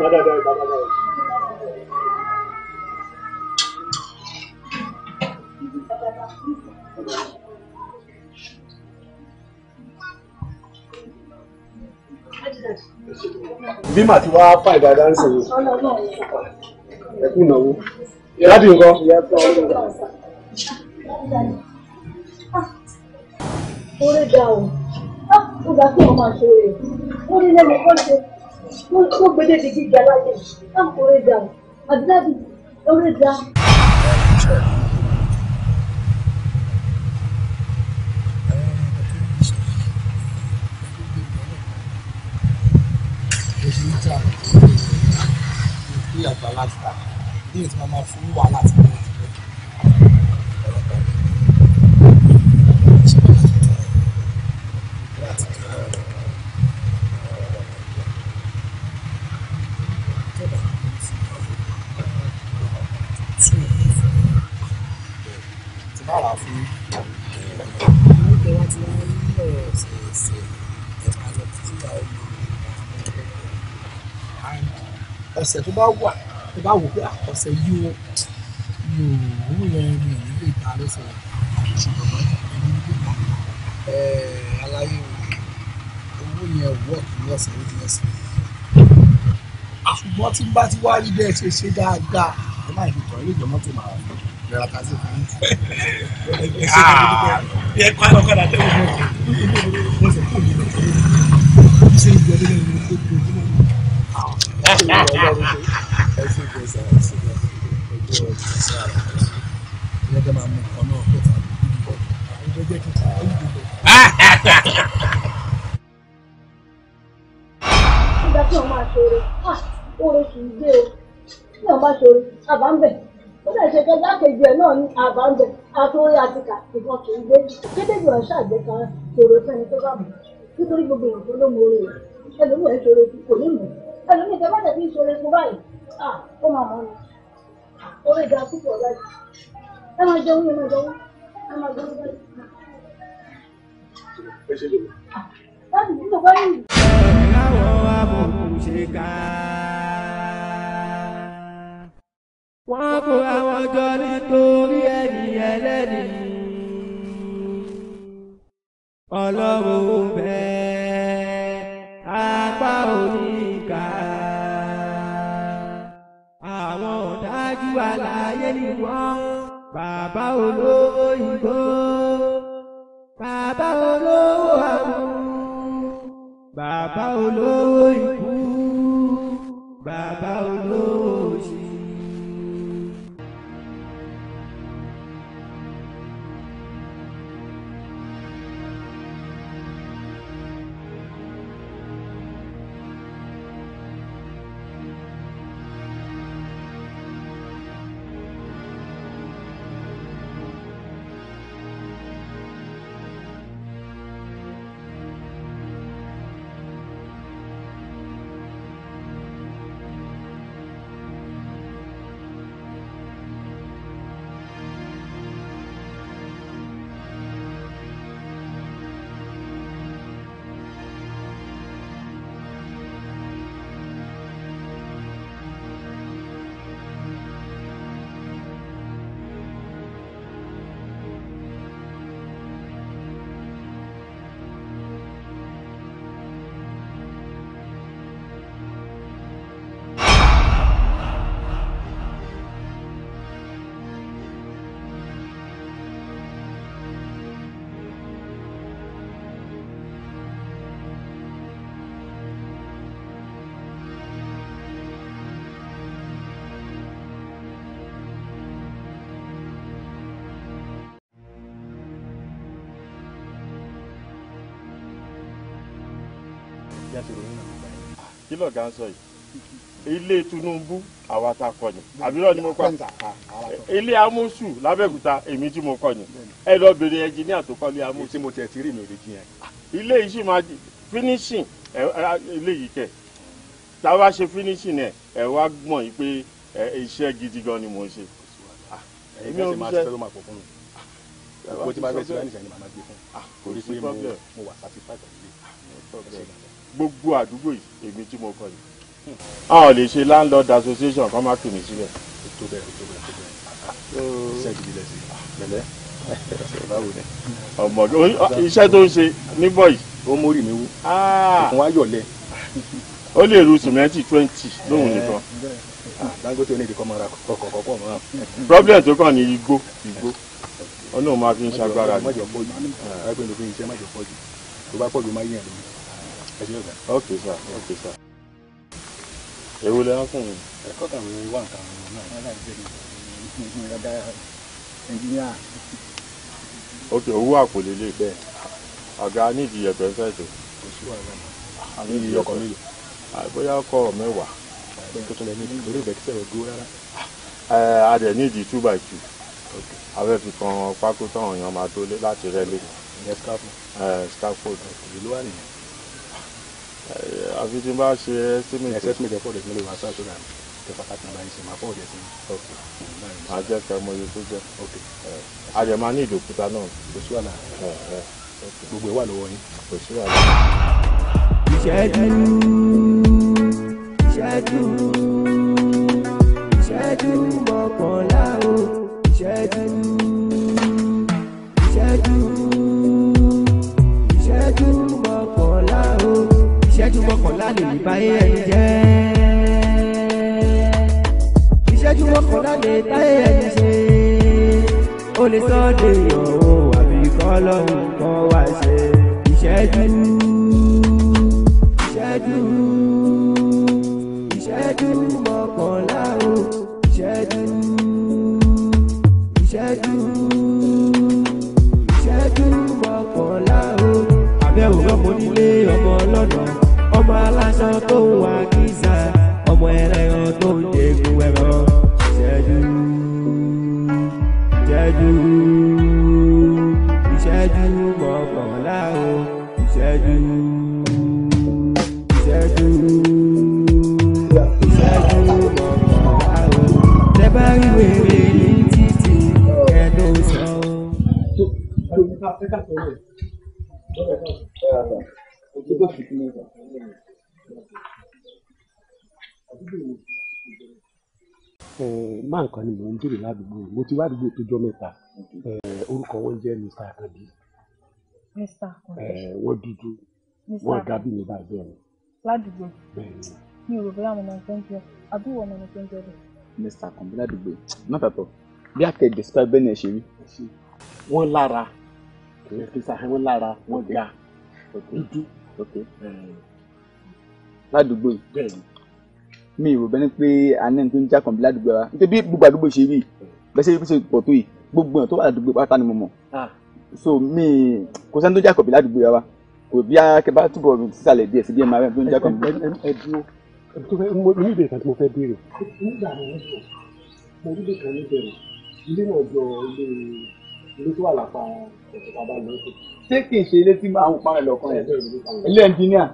màá ti wá pàdé dáńsì yìí ẹ náwó láti nǹkan. orí ga o ah, ó gbà kí ọmọ àṣọ rẹ̀ ó ní lẹ́nu kọ́ ṣe wọ́n gbé débi gíga láyé táwọn kò rẹ̀ dà àdúrà bí ọ̀rẹ́ dà. ìyàgbà láti ta bí ètò máa ma fún wàhálà tí mo ń káàrà fún mi. àwọn wa ti wáyé nílò ṣèṣe ẹ̀ka lọ kíkà ọmọ ọ̀sẹ̀ tó bá wà tó bá wò pé ah, ọ̀sẹ̀ yìí o mi yẹn mi ò nílò ìta lọ́sẹ̀ ṣùgbọ́n èmi ní pípa aláyé owó yẹn wọ́ọ̀kì lọ́sẹ̀ ó di ẹsẹ̀ àṣùgbọ́n tí n bá ti wá rí bẹ́ẹ̀ ṣe ṣe dáadáa ẹ má ìdìtọ̀ ilé ìjọba tó máa wà lọ́la ta sí fún mi. <laughs> Ah. <laughs> ẹ kọ́ àwọn ọ̀kadà tẹ́wọ̀ mọ́ wọ́n sọ fún mi lọ́kọ́ ṣé ìgbà tó lẹ́nu ló kó tó mọ́. ẹ ṣe ìgbà sáà ẹ ṣe ìgbà ọjọ́ ọjọ́ sáà ẹ jẹ́ máa mú ọkọ náà kẹta ọjọ́ jẹ́ kẹta ọjọ́ jẹ́ kẹta. ìgbà tí wọ́n máa ṣe oore ah, oore kì í gbé o tí wọ́n bá ṣe oore àbá ń bẹ̀ ó lè ṣe kẹjá kejì ẹ̀ náà ní àbámbẹ àtòrí àtìkà ìbọn kì í gbé kédèjì ọ̀ṣà àgbẹ̀ka tòrò fẹ́ni tó bá mọ̀ nítorí gbogbo èèyàn tó ló mọ orí rẹ̀ ẹlòmíì ẹ̀ ṣòro kò ní mọ̀ ẹlòmíì tẹ́ bá tẹ̀ fi ṣòro fún báyìí ó máa mọ̀ ni orí ìdá púpọ̀ báyìí ẹ máa jẹun ẹ máa ẹ máa jẹun báyìí. ẹ ṣe lè wọ. láti dúró báyìí. ọ̀rọ̀ láwọ̀ àbòkù ṣe ká wọ́n kó àwọn jọ nítorí ẹ̀yìn ẹlẹ́ni. ọlọ́run bẹ́ẹ̀ apá oníkà àwọn ọ̀dájú àlàyé ni wọ́n bàbá olówó ìgbó bàbá olówó àbú bàbá olówó ìgbó. lọ́gà ń sọ yìí ilé Tinubu àwa ta kọ́ ni àbúrò ni mo pa ilé amúsù lábẹ́òkúta èmi tí mo kọ́ ni ẹ lọ bèrè ẹnjìníà tó kọ́ ilé amúsù. tí mo tẹ̀ tí rí mi ò lè jiyàn. ilé yìí sì máa finishing ilé yìí kẹ̀ tá a bá ṣe finishing ẹ̀ ẹ̀ wá gbọ̀n yìí pé iṣẹ́ gidi gan ni mo ń ṣe. èmi ò ń ṣe owó tí bá fẹ́ sí wáyé nìṣẹ́ ni màmá gbé fún un ah, kò rí pé mo wà satisfied pẹ̀lú ilé. Ah, gbogbo àdúgbò yìí èmi tí mo kọ yìí a ò lè ṣe landlord association kan má fi mí sílẹ̀. tó bẹ́ẹ̀ tó bẹ́ẹ̀ tó bẹ́ẹ̀ iṣẹ́ gidi lẹ sí pẹ̀lẹ́ <laughs> báwo ni. ọmọ iṣẹ́ tó ń ṣe ní bọ́ọ̀yì. ó mórí mi wú ìkùn ah. wá yọ̀lẹ̀. ó lè ru sìmẹ́ǹtì twenty lóhùn nìkan. Ah, Dangote onídìí kọ́ máa ra kọ̀kọ̀kọ̀ mọ́. problem tó kàn ní igbó igbó ọlọ́run máa fi ń ṣagbára. má jẹ́ ah, pọ́jù má jẹ́ pọ́jù tó bá pọ̀jù má yẹ̀ lómi okay sir okay sir. èwo lè hákùn mi. ẹ̀kọ́ kàwé wà nǹkan ọ̀rọ̀ náà. wọ́n láti bẹ̀rẹ̀ ìgbìmọ̀ ìrọ̀dá ẹnjìníà. ok owó àpò lè lè bẹ́ẹ̀ àga nídìí ẹ̀pẹ́ fẹ́ tó. kò sí wàhálà náà. nídìí ọkọ̀ mi. Ah, bóyá ọkọ̀ mẹ́wàá. àgbẹ̀ tó tọ́lẹ̀ nídìí lórí ìbẹ̀kísẹ̀ rẹ̀ dúró rárá. ẹ eh, adẹ̀ nídìí two by two. abẹ́ fi kan pákó táwọn èèyàn máa tó láti rẹ́lé. ìyẹn scaffold. ẹ eh, scaffold. ìlú wà nìyẹn. Eh, àfi tí n bá ṣe estimate. ẹ ẹ̀fọ́ ọ̀dẹ̀ lè wá sáà sódà tẹ̀fà káàtì náà báyìí máa fọ́ ọ̀dẹ̀ sí mi. ajẹ́ kẹ́ mo tó jẹ́. ajẹ́ eh, máa ní ìdòkúta náà. kò sí wàhálà eh, gbogbo ẹ̀ wà lọ́wọ́ yín. kò sí wàhálà. ìṣẹ́jú ìṣẹ́jú ìṣẹ́jú mọ́kànlá o ìṣẹ́jú ìṣẹ́jú. ìṣẹ́jú mọ́kànlá lè lè bá ẹni jẹ́ ìṣẹ́jú mọ́kànlá lè bá ẹni ṣe ó lè sọ de ìyàwó àbí kọ́lọ́hún kan wá ṣe ìṣẹ́jú ìṣẹ́jú ìṣẹ́jú mọ́kànlá o ìṣẹ́jú ìṣẹ́jú ìṣẹ́jú mọ́kànlá o abẹ́ òwúrọ̀ mo ọmọ ọlọ́dọ̀ ọmọ aláṣọ tó wà kíza ọmọ ẹlẹ́yàn tó ń jẹ́gun ẹ̀rọ ìṣẹ́jú ìṣẹ́jú ìṣẹ́jú mọ́kànlá o ìṣẹ́jú ìṣẹ́jú ìṣẹ́jú Thank you. máa nǹkan ni mò ń béèrè ládùúgbò mo ti wá àdúgbò tó jọ mẹ́ta orúkọ wọn jẹ́ mr akande wọ́n dúdú wọ́n ga bí mi báyìí bẹ́ẹ̀ ni. ládùúgbò mi ò rò bóyá mo máa ń tẹ́ńtì ọ àbí ìwọ máa ń tẹ́ńtì ọ. mr akande ládùúgbò nọ́tàtọ̀ bí àkẹ́ describe bẹ́ẹ̀ ni ẹ̀ ṣe rí wọ́n lára wọ́n lára wọ́n ga dúdú ládùúgbò yìí mi ò bẹ́ni pé àná tó ń já kàn ládùúgbò wa nítorí bí gbogbo àdúgbò ṣe rí bẹ́sẹ̀ bí ṣe pọ̀ tó yìí gbogbo ẹ̀ tó wà ládùúgbò pátá ni mo mọ̀ ah. so mi kò sẹ́ni tó já kàn ládùúgbò wa kò bí akẹ́bá túbọ̀ sísàlẹ̀ díẹ̀ sí bí ẹ̀ máa rẹ̀ tó ń já kàn. ẹ dúró tó fẹ́ mo ní ìbéèrè kan tí mo fẹ́ béèrè. nígbà mi mo rí bèèrè kan níbẹ̀rẹ̀ ilé náà jọ ilé ilé tó wà lápá ọ̀sẹ̀ bàbá lọ́sẹ̀. ṣé kì í ṣe ilé tí máa ń parẹ́ lọ́kàn rẹ̀ ilé ẹnjìníà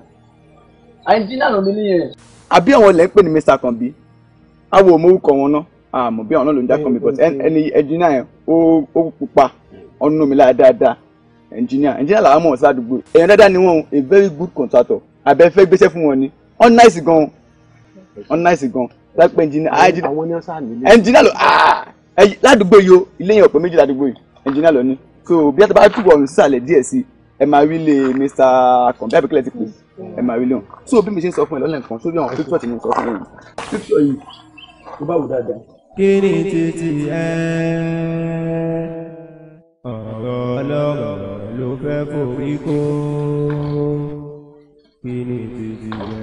àìjínà ló ní nìyẹn. àbí àwọn ilẹ̀ ń pè ní Mr. Kanbi awo ò mórúkọ wọn ná àmọ́ bí àwọn náà ló ń já Kanbi but ẹni ẹnjìnà yẹn ó pupa ọ̀nà mi lára dáadáa ẹnjìnà ẹnjìnà làwọn mọ̀ sádùúgbò èèyàn dáadáa ni wọn a very good contractor àbẹ fẹ́ gbéṣẹ́ fún wọn ni on nice gan on nice gan lápẹ́ ẹnjìnà ẹnjìnà ló ah, ládùúgbò yìí ilé yẹn ọ̀pọ̀ méjì ládùúgbò yìí ẹnjìnà ló ní so bí a ti bá túbọ̀ ń sàlẹ̀ díẹ̀ sí ẹ máa rí lé Mr. Kanbi àbíkẹ́lẹ́ ti pè é ẹ máa rí lóhùn so bí mi ṣe ń sọ fún ẹ lọ́lẹ̀ nǹkan sórí àwọn pípọ̀ tí mo sọ fún ẹ pípọ̀ yìí tó bá wù dáadáa. kéré títí ẹ ọ̀rọ̀ ọlọ́rọ̀ ló fẹ́ forí kó kéré títí ẹ.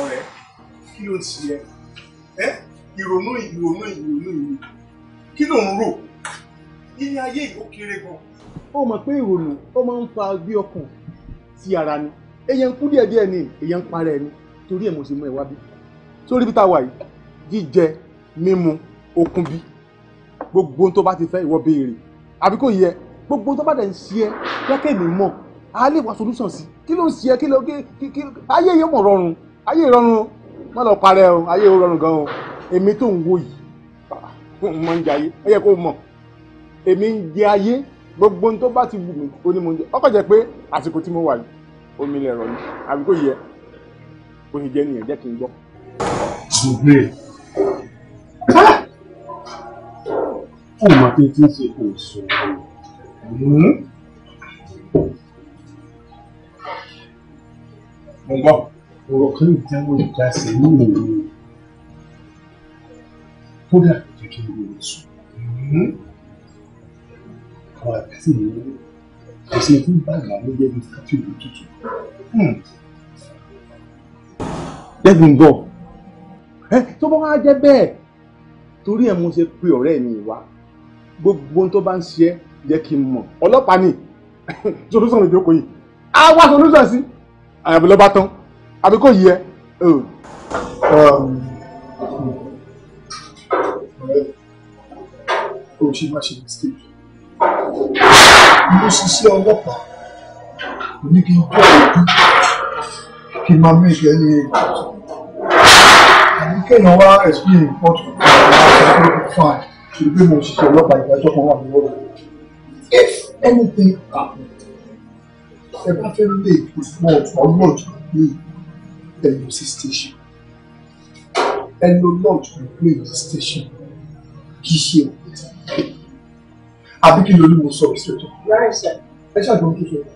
ọ̀rẹ́ kí ló ń ṣe ẹ ìrònú ìrònú ìrònú ìrònú kí ló ń rò ilé ayé yìí ó kéré gan. ó mọ̀ pé ìrònú ó máa ń fa bí ọkàn sí ara ni èèyàn kú díẹ̀ díẹ̀ ni èèyàn parẹ́ ni torí ẹ̀ mo sì mú ẹ wá bí. sórí bí tá a wà yìí jíjẹ mímu okun bí gbogbo tó bá ti fẹ́ ìwọ béèrè àbí kò yẹ gbogbo tó bá dẹ̀ ń ṣe ẹ kẹ́kẹ́ mi mọ̀ a lè wá solution sí kí ló ń ṣe ẹ kí ló kí kí ayé yẹn mọ̀ rọrùn ayé rọrùn má lọ parẹ́ o ayé rọrùn gan o èmi tó ń wo yìí pé mo máa ń jẹ ayé ó yẹ kó mọ̀ èmi ń jẹ ayé gbogbo ohun tó bá ti wù mí ó ní mo ń jẹ ọkọ̀ jẹ́ pé àsìkò tí mo wà yìí omi lẹ̀rọ ni àbí kò yẹ kò sì jẹ́ nìyẹn jẹ́ kí n gbọ́. ṣùgbọ́n ah! fún ìmọ̀ tí tí ń ṣe kò sọ hmm? mo gbọ́ ọ̀rọ̀ kan ìjáwọ́ ìjà ní ìlú kódà pequeno grosso. Hum? Agora, assim, você não tem pagar, não deve ficar tudo, tudo. Hum. Lẹ́gùn ẹ tó bá wá jẹ́ bẹ́ẹ̀ torí ẹ̀ mo ṣe pe ọ̀rẹ́ mi wá gbogbo tó bá ń ṣe ẹ́ jẹ́ kí n mọ̀ ọlọ́pàá ni <laughs> solution ìjókòó yìí á wá solution sí àyàbí lọ́ba tán àbí kò yẹ. kó o ṣe má ṣe mistake mo ṣiṣẹ́ ọlọ́pàá ní kí n tọ́ ọdún kí n máa mẹ́jẹ ní èyí kéèyàn wá explain report fún mi láti ọdún fine ṣùgbọ́n pé mo ṣiṣẹ́ ọlọ́pàá ìdájọ́ kan wà lọ́wọ́ rẹ̀ if anything happen ẹ bá fẹ́ lè report ọlọ́ọ̀dù ní ẹ̀yọ sí station ẹ lọ lọ́ọ̀dù ní station kì í ṣe ọ̀pẹ̀tẹ̀ àbí kí lórí mo sọ̀rọ̀ sí ọ̀tọ̀. ẹ ṣàgbọ́n tó sọ̀rọ̀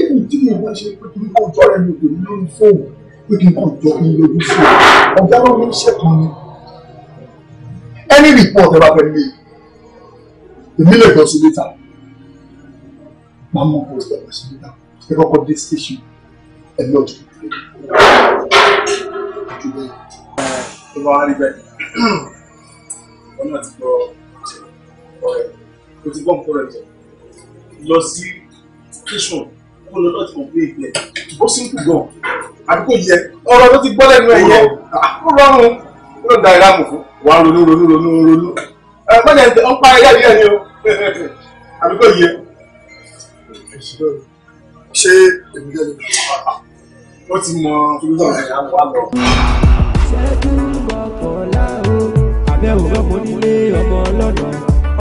èmi tí mo bá ṣe pé kí n kọ́ ọjọ́ rẹ mi ò lórí fóònù pé kí n kọ́ ọjọ́ mi lórí fóònù ọ̀gá ló ń ṣẹ̀kùn mi. ẹni rìpọ́ọ̀tì ẹ bá fẹ́ lé èmi lè lọ sí létà máa mọ̀ kó o lọ sí létà ẹ kọ́kọ́ dé station ẹ lọ́jọ́. ìwà rí bẹ́ẹ̀ ọ̀nà ti gbọ́ ọ̀rẹ́ kò ti bọ́ọ̀mù kọ́rẹ́ jẹ lọ sí tẹsán kó lọ lọ́ọ̀tì òkú ìpìlẹ̀ ó sínkù gan àdúgbò yẹ ọ̀rọ̀ ló ti gbọ́ lẹ́nu ẹ̀ yẹ ó rọrùn ó lọ da ìlàmù fún wà á ronú ronú ronú ronú ẹ gbọ́dọ̀ ẹ̀ ń pa ẹ̀yà ìyá ni o àdúgbò yẹ. ṣé èmi gẹ́gẹ́ bí wọ́n ti mọ ìlú àwọn àgbọ̀. ṣẹ́kù bọ̀ kọ́lá o àbẹ̀wò ọmọ nílé ọmọ ọlọ́dọ̀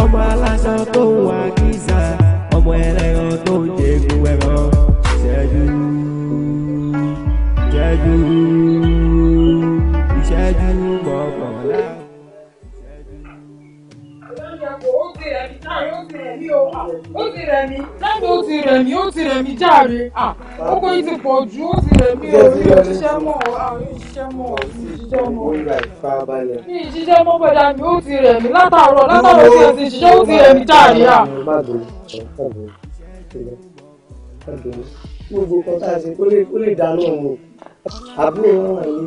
ọmọ aláṣọ tó ń wá kíza ọmọ ẹlẹ́yọ tó ń jẹ́gun ẹ̀rọ ṣẹ́jú ṣẹ́jú. ó ti rẹ̀ mí o ó ti rẹ̀ mí lẹ́nu ó ti rẹ̀ mí ó ti rẹ̀ mí járe ọkọ̀ yìí ti pọ̀ jù ó ti rẹ̀ mí o mi ò ṣiṣẹ́ mọ́ o àwọn yóò ṣiṣẹ́ mọ́ o mi ò ṣiṣẹ́ mọ́ o mi ò ṣiṣẹ́ mọ́ bọ̀dá mi ó ti rẹ̀ mí látàárọ̀ látàárọ̀ tí ẹ ti ṣiṣẹ́ ó ti rẹ̀ mí járe à. gbogbo kan tá a ṣe kó lè dáná òun àbúrò wọn wà ní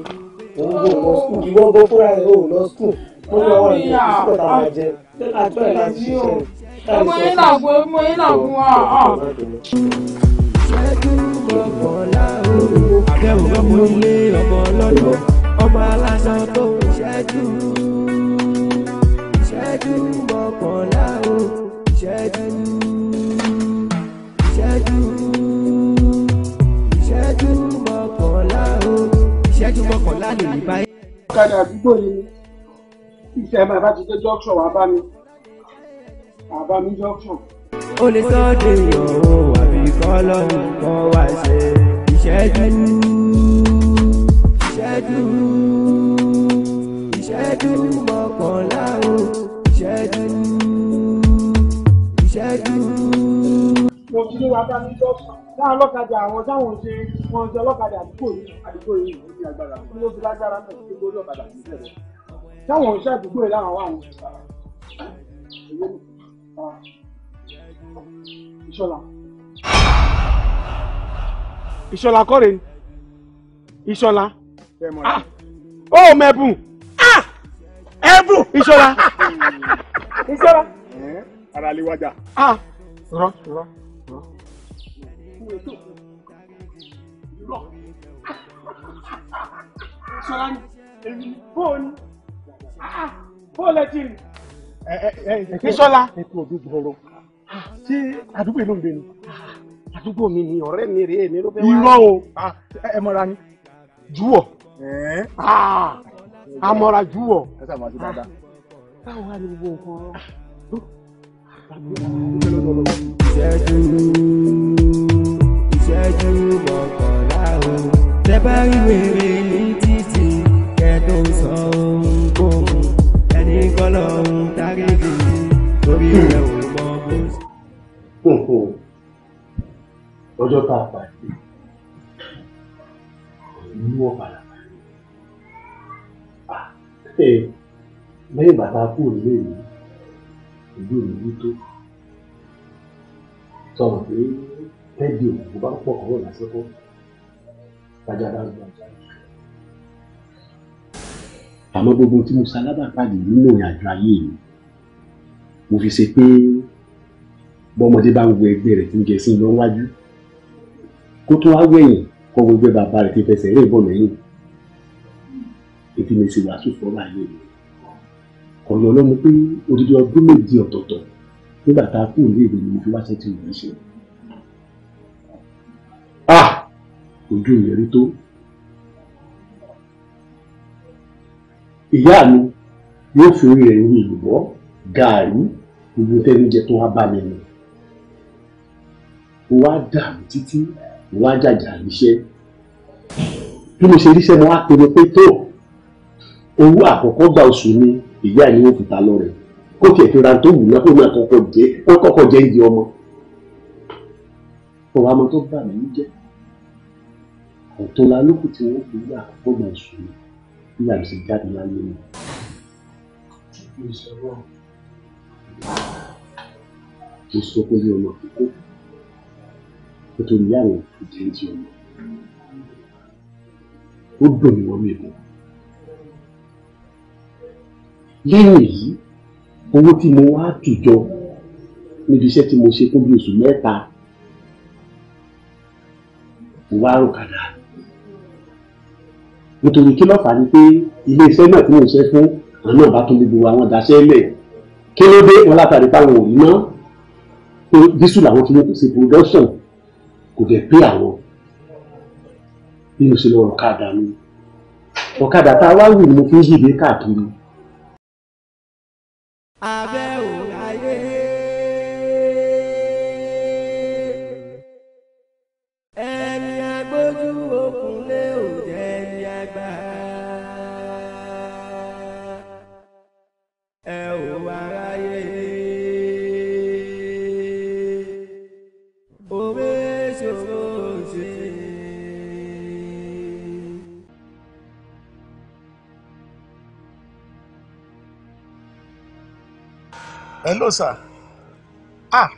gbogbo ìwọ gbọ́ fúnra rẹ̀ ò lọ sùn mo ní ọwọ́ ìjọ púpọ̀ tá a máa jẹ àtúbọ̀ ẹ̀ láti ṣiṣẹ́ ọmọ yín náà fún ọmọ yín náà fún wa. Abẹ́ ògbọ́n mo lé ọmọ lọ́dọ̀, ọmọ aláṣọ tó ṣẹ́jú ìṣẹ́jú mọ́kànlá o ìṣẹ́jú ìṣẹ́jú ìṣẹ́jú mọ́kànlá o ìṣẹ́jú mọ́kànlá lè rí báyìí. ọ̀kadà àdúgbò yìí ìfẹ́ bàbá ti dé junction wà bá mi bàbá mi junction. o lè sọ de yọ àbí kọ́lọ́ nǹkan wá ṣe ìṣẹ́jú ìṣẹ́jú ìṣẹ́jú mọ́kànlá o ìṣẹ́jú ìṣẹ́jú. mo ti ní wàá bá mi junction láwọn ọlọ́kadà àwọn táwọn ṣe wọn ṣe ọlọ́kadà àdúgbò yìí àdúgbò yìí ìgbìyànjú agbára wọn ló fi lágbára náà sí gbogbo ọlọ́kadà sílẹ̀ rẹ̀ táwọn iṣẹ́ àdúgbò yìí láwọn wà wọn. ìṣọ̀lá ìṣọ̀lá kọ́re ni ìṣọ̀lá ah! ó mẹ́bùn ah! ẹ̀bùn ìṣọ̀lá ìṣọ̀lá. ara lè wájà. rọ rọ rọ. ìṣọ̀lá ni èmi bóun ni. Ah, bóòlù ẹtì rì ìṣọlá ẹkú òbí gbòòrò ṣé àdúgbò ló ń gbé ni àdúgbò mi ni ọ̀rẹ́ mi rèé mi ló fẹ́ wá. irọ́ o ah, ẹ mọ̀ra ni júwọ̀ amọ̀ra ah, júwọ̀ báwo wá ní gbogbo nǹkan. ìṣẹ́jú ìṣẹ́jú mọ̀kànlá o tẹ́ bá rí wèrè ní títì kẹ́tọ́ sọ o ọlọ́run dáríjì torí rẹ̀ ò mọ bó. kòkò ọjọ́ tá a pàdé ìlú ọ̀pàlà lẹ́yìn bàtà kú nílé mi ìlú mi ní tó sọ̀rọ̀ pé tẹ́ẹ̀dì òkú bá pọ̀ kọ́rọ̀ lásìkò tájà bá gbàjà àmọ́ gbogbo tí mo ṣalábàpàdé nínú ìrìn àjò ayé mi mo fi ṣe pé bọ́mọdé bá ń wo ẹgbẹ́ rẹ̀ tí ń jẹ sí iná wájú kó tó wá wẹ̀yìn kọ́ wo ẹgbẹ́ bàbá rẹ̀ tí ń fẹsẹ̀ rẹ̀ bọ̀ lẹ́yìn ètò mi sì wàásù fọ́ọ̀rọ̀ ayé mi ọ̀nà ọlọ́mọ pé odidi ọdún méje ọ̀tọ̀ọ̀tọ̀ nígbà tá a kú ìlú èdè ni mo fi wáṣẹ́ tí mo ń ṣe. Ah! ojú ìrẹ́rí tó ìyá mi yóò fi orí rẹ̀ ní ìlúbọ́ gàárì gbogbo tẹ́lẹ̀jẹ tó wá bá mi nù. mo wá dà mí títí mo wá jàjà níṣẹ́ bí mo ṣe ríṣẹ́ mo wá pinnu pé tó owó àkọ́kọ́ gba oṣù mi ìyá ni wọ́n fi ta lọ́rẹ̀ kó tiẹ̀ fi ra tó wù náà kó náà kọ́kọ́ jẹ́ kó kọ́kọ́ jẹ́ ìdí ọmọ. ọ̀rọ̀ àmọ́ tó bà mí jẹ́ ọ̀tún la lókùn wọ́n fi gbà àkọ́kọ́ gba oṣù mi bí àmì ṣe jáde láyé mi. mo sọ pé ní ọmọ àkókò nítorí àwọn ìdílé tí ọmọ ó dùn mí wọ́n mi bọ̀. lẹ́yìn èyí owó tí mo wá tùjọ níbi iṣẹ́ tí mo ṣe fún bí oṣù mẹ́ta mo wá rò kàdà nítorí kí ló fà á ni pé iléeṣẹ́ náà tí wọ́n ṣe fún àwọn náà bá tún gbogbo àwọn daṣẹ́ lẹ̀ kí ló dé wọn látàrí páwọn ò ná pé dísù làwọn fi lókun sí production kò dẹ̀ pé àwọn bí mo ṣe lọ ọ̀kadà mi ọ̀kadà tá a wá wù ni mo fi ń yíde káàkiri. abẹ́ hello sir ah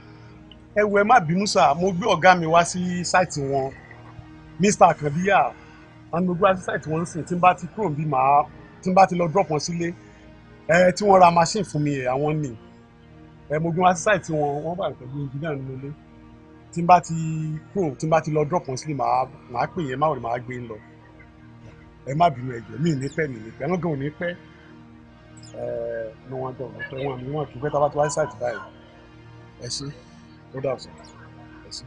ẹ wo ẹ má bínú sir mo gbé ọ̀gá mi wá sí sáìtì wọn mr akanbiya àwọn gbogbo àti sáìtì wọn ń sìn tí n bá ti kúrò bí màá tí n bá ti lọ drop wọn sílé ẹ tí wọ́n ra machine fún mi ẹ àwọn nì ẹ mo gbé wá sí sáìtì wọn wọ́n bá pẹ̀lú engineer nínú ilé tí n bá ti kúrò tí n bá ti lọ drop wọn sílé màá màá pè yẹn má wọlé màá gbé ń lọ ẹ má bínú ẹ jọ̀ọ́ mi ì ní pẹ́ mi ì ní pẹ́ ẹ lọ́gàn ò ní pẹ́ ní wọn dọ̀ wọn tẹ́wọ̀n mi wọn kì í pẹ́ tábà tó wáyé sáìtì báyìí ẹ sí ó dà ọ̀sán ẹ sí.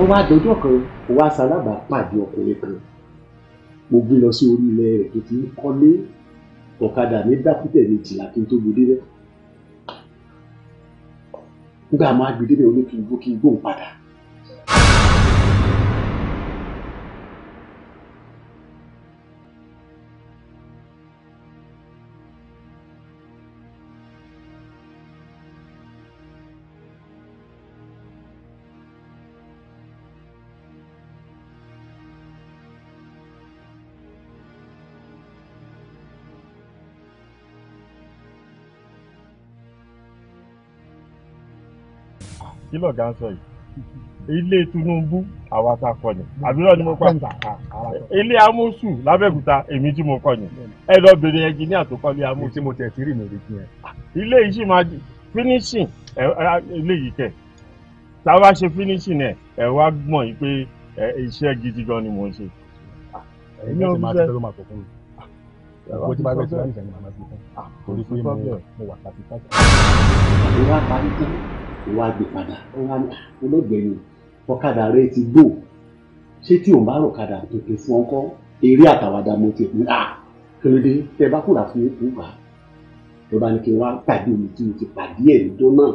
ó wá dọjọ́ kan ó wá sálábà pàdé ọkùnrin kan mo gbé lọ sí orí ilẹ̀ rẹ̀ ń kọ́lé ọ̀kadà mi dákútẹ̀ méjìlá kí n tó gbòdé rẹ̀ nígbà máa gbòdé rẹ̀ ó ní kí n kí lọ̀gá ń sọ yìí ilé Tinubu àwa ta kọ ni àbúrò ni mo pa ilé amósù lábẹ́òkúta èmi tí mo kọ ni ẹ lọ bèrè ẹnjìníà tó kọ́ ilé amósù. tí mo tẹ̀ sí rìn lórí tiẹ̀. ilé yìí sì máa finishing ilé yìí kẹ̀ tá a bá ṣe finishing ẹ̀ ẹ̀ wá gbọ̀n yìí pé iṣẹ́ gidi gan ni mò ń ṣe. èmi ò fi ṣe ìwọ tí bá bẹ tí bá nìkan ni màmá gbé fún torí pé mo wà láti ká. ìwà àtàrí tó wá gbé padà wá ní ọlọ́gbẹ̀yìn ah, ọ̀kadà rẹ ti gbò ṣé tí òun bá rò kadà tètè fún ọkọ eré àtàwádà mo ti pín à ah, kílódé tẹ bá kúrà fún ikú wá ló bá ní kí n wá pàdé omi tí mo ti pàdé ẹ̀ níjọ́ náà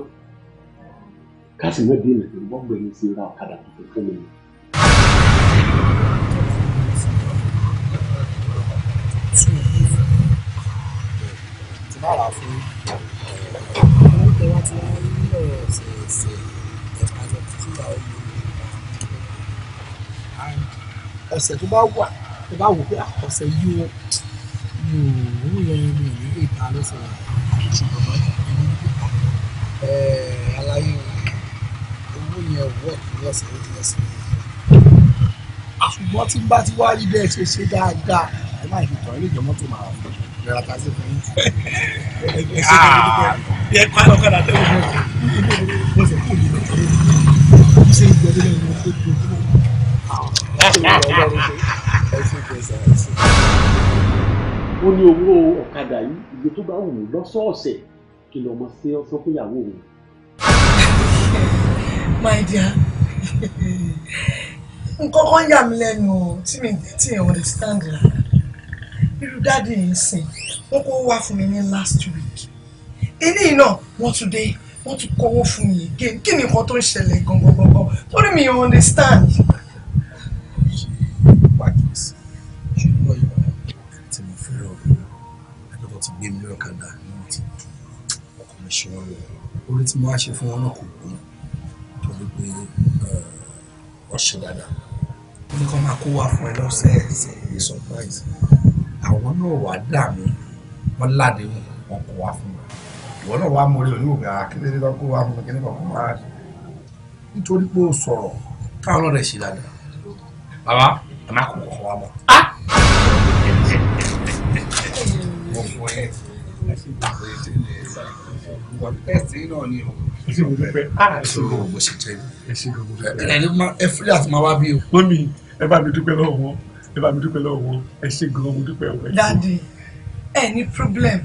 káàsì náà bí ènìyàn wọ́n gbẹ̀yìn sí ra ọ̀kadà tètè fún mi. tí mo fún un tí bá rà fún un se se a ọ̀sẹ̀ tó bá wà tó bá wò pé ọ̀sẹ̀ yìí o mi ò ń lọ mi ò ní lè ta lọ́sẹ̀ ṣùgbọ́n mo ní ẹ̀ẹ́ aláyé owó yẹn wọ́ọ̀kì lọ́sẹ̀ ó ti lọ́sẹ̀ ṣùgbọ́n tí bá ti wá rí bẹ́ẹ̀ ṣe ṣe dáadáa ẹ má ìfitọ́ ilé ìjọ mọ́tò máa rẹ̀ ra ta sí fún yín ẹ kọ́ ó ní owó ọ̀kadà yìí iye tó bá wù ú lọ́sọ̀ọ̀sẹ̀ kí lọ́mọ sí ọ sọ ìyàwó rẹ. my dear nǹkan kan yà mí lẹ́nu tí mi tí ẹ̀ understand rárá irú dáàdi yìí sìn wọ́n kó wá fún mi ní last week eléyìí náà wọ́n tún dé wọ́n tún kọ́wọ́ fún mi again kí ni nǹkan tó ń ṣẹlẹ̀ gangan gangan torí mi understand. pàkíyèsí ṣùgbọ́n ìwà tí mo fẹ́ rọ̀ lọ́wọ́ akẹ́kọ̀ọ́ ti gbé mi lórí ọ̀kadà ní wọ́n ti dùn ọkọ̀ mi ṣe wọ́n lọ́wọ́ orí tí mo wá ṣe fún wọn náà kò gbọ́n torí pé eh, wọ́n ṣe dáadáa ó ní kó máa kó wá fún ẹ lọ́sẹ̀ẹ̀sẹ̀ ní surprise àwọn náà wàá dà mí wọ́n ládéhùn wọn kò wá fún mi ìwọ náà wàá mọ̀rẹ́ òní ògbà kílódé kan kó wàá mọ̀ kíní kan kó wàá nítorí pé o sọ̀rọ̀ káwọn náà rẹ̀ ṣe dáadáa bàbá ẹ má kó kọ̀ọ̀kan wá mọ̀. mo fọ ẹ ẹ ṣe gbogbo ètò ilé ẹ sá wọn tẹ́sí náà ni o ṣe mo fẹ́ ẹ ṣe gbogbo bó ṣe jẹ́ ẹ ṣe gbogbo ẹ ẹ fúlẹ̀ àti máa wá bí o. mọ́mí ẹ bá mi dúpẹ́ lọ́wọ́ ẹ bá mi dúpẹ́ lọ́wọ́ ẹ ṣe gan-an mo dúpẹ́ o. dáàdi ẹ ní problem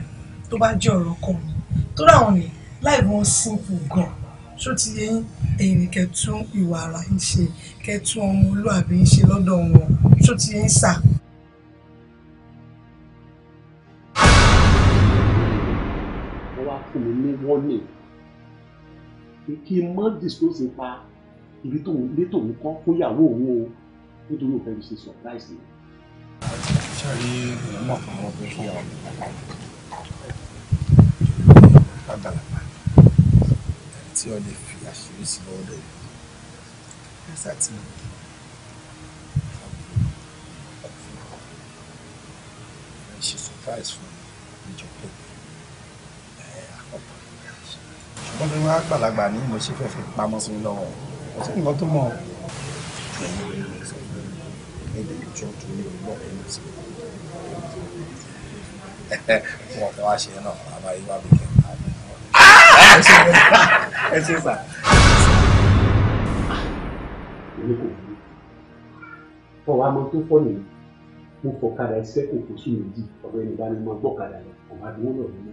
tó bá jẹ́ ọ̀rọ̀ kan mi tó ráwọn ni láì wọn simple gan ṣó ti yẹ yín ni kẹtún ìwà ara ń ṣe kẹtún ọmọ olúàbí ń ṣe lọ́dọ̀ wọn ṣó ti yẹ sà. wọ́n wá fún mi ní wọ́nì pé kí n má disclose pa ibi tó ń lé tòun kọ́ fún ìyàwó òun o nítorí òfin ṣe surprise. ṣáà rí ìyá mọ̀ fún ọmọ ọdún fún mi lágbàlagbà tí o lè fi àṣírí sí lọ́dọ̀ yìí nígbà tí ẹ ṣe surprise fún ìjọ pé ẹ àkọ́kọ́ ṣùgbọ́n bí wọ́n á gbàlagbà ní mo ṣe fẹ́ fi pamọ́ sí lọ́wọ́ kò sí nǹkan tó mọ̀ ẹ̀ẹ́dẹ̀ ìjọ tó ní ọlọ́ ẹ̀ẹ́dẹ̀ sí wọn kò wá ṣe náà àbáyé wá bí kẹ́kẹ́ ẹ ṣe sà. èmi kò fi fọ wa mo tó fọ nìyí mo fọkadà ẹsẹ òkú sí méjì ọ̀rọ̀ ẹnìbá ni mo gbọ́kadà lọ ọba àdúgbò lọ nínú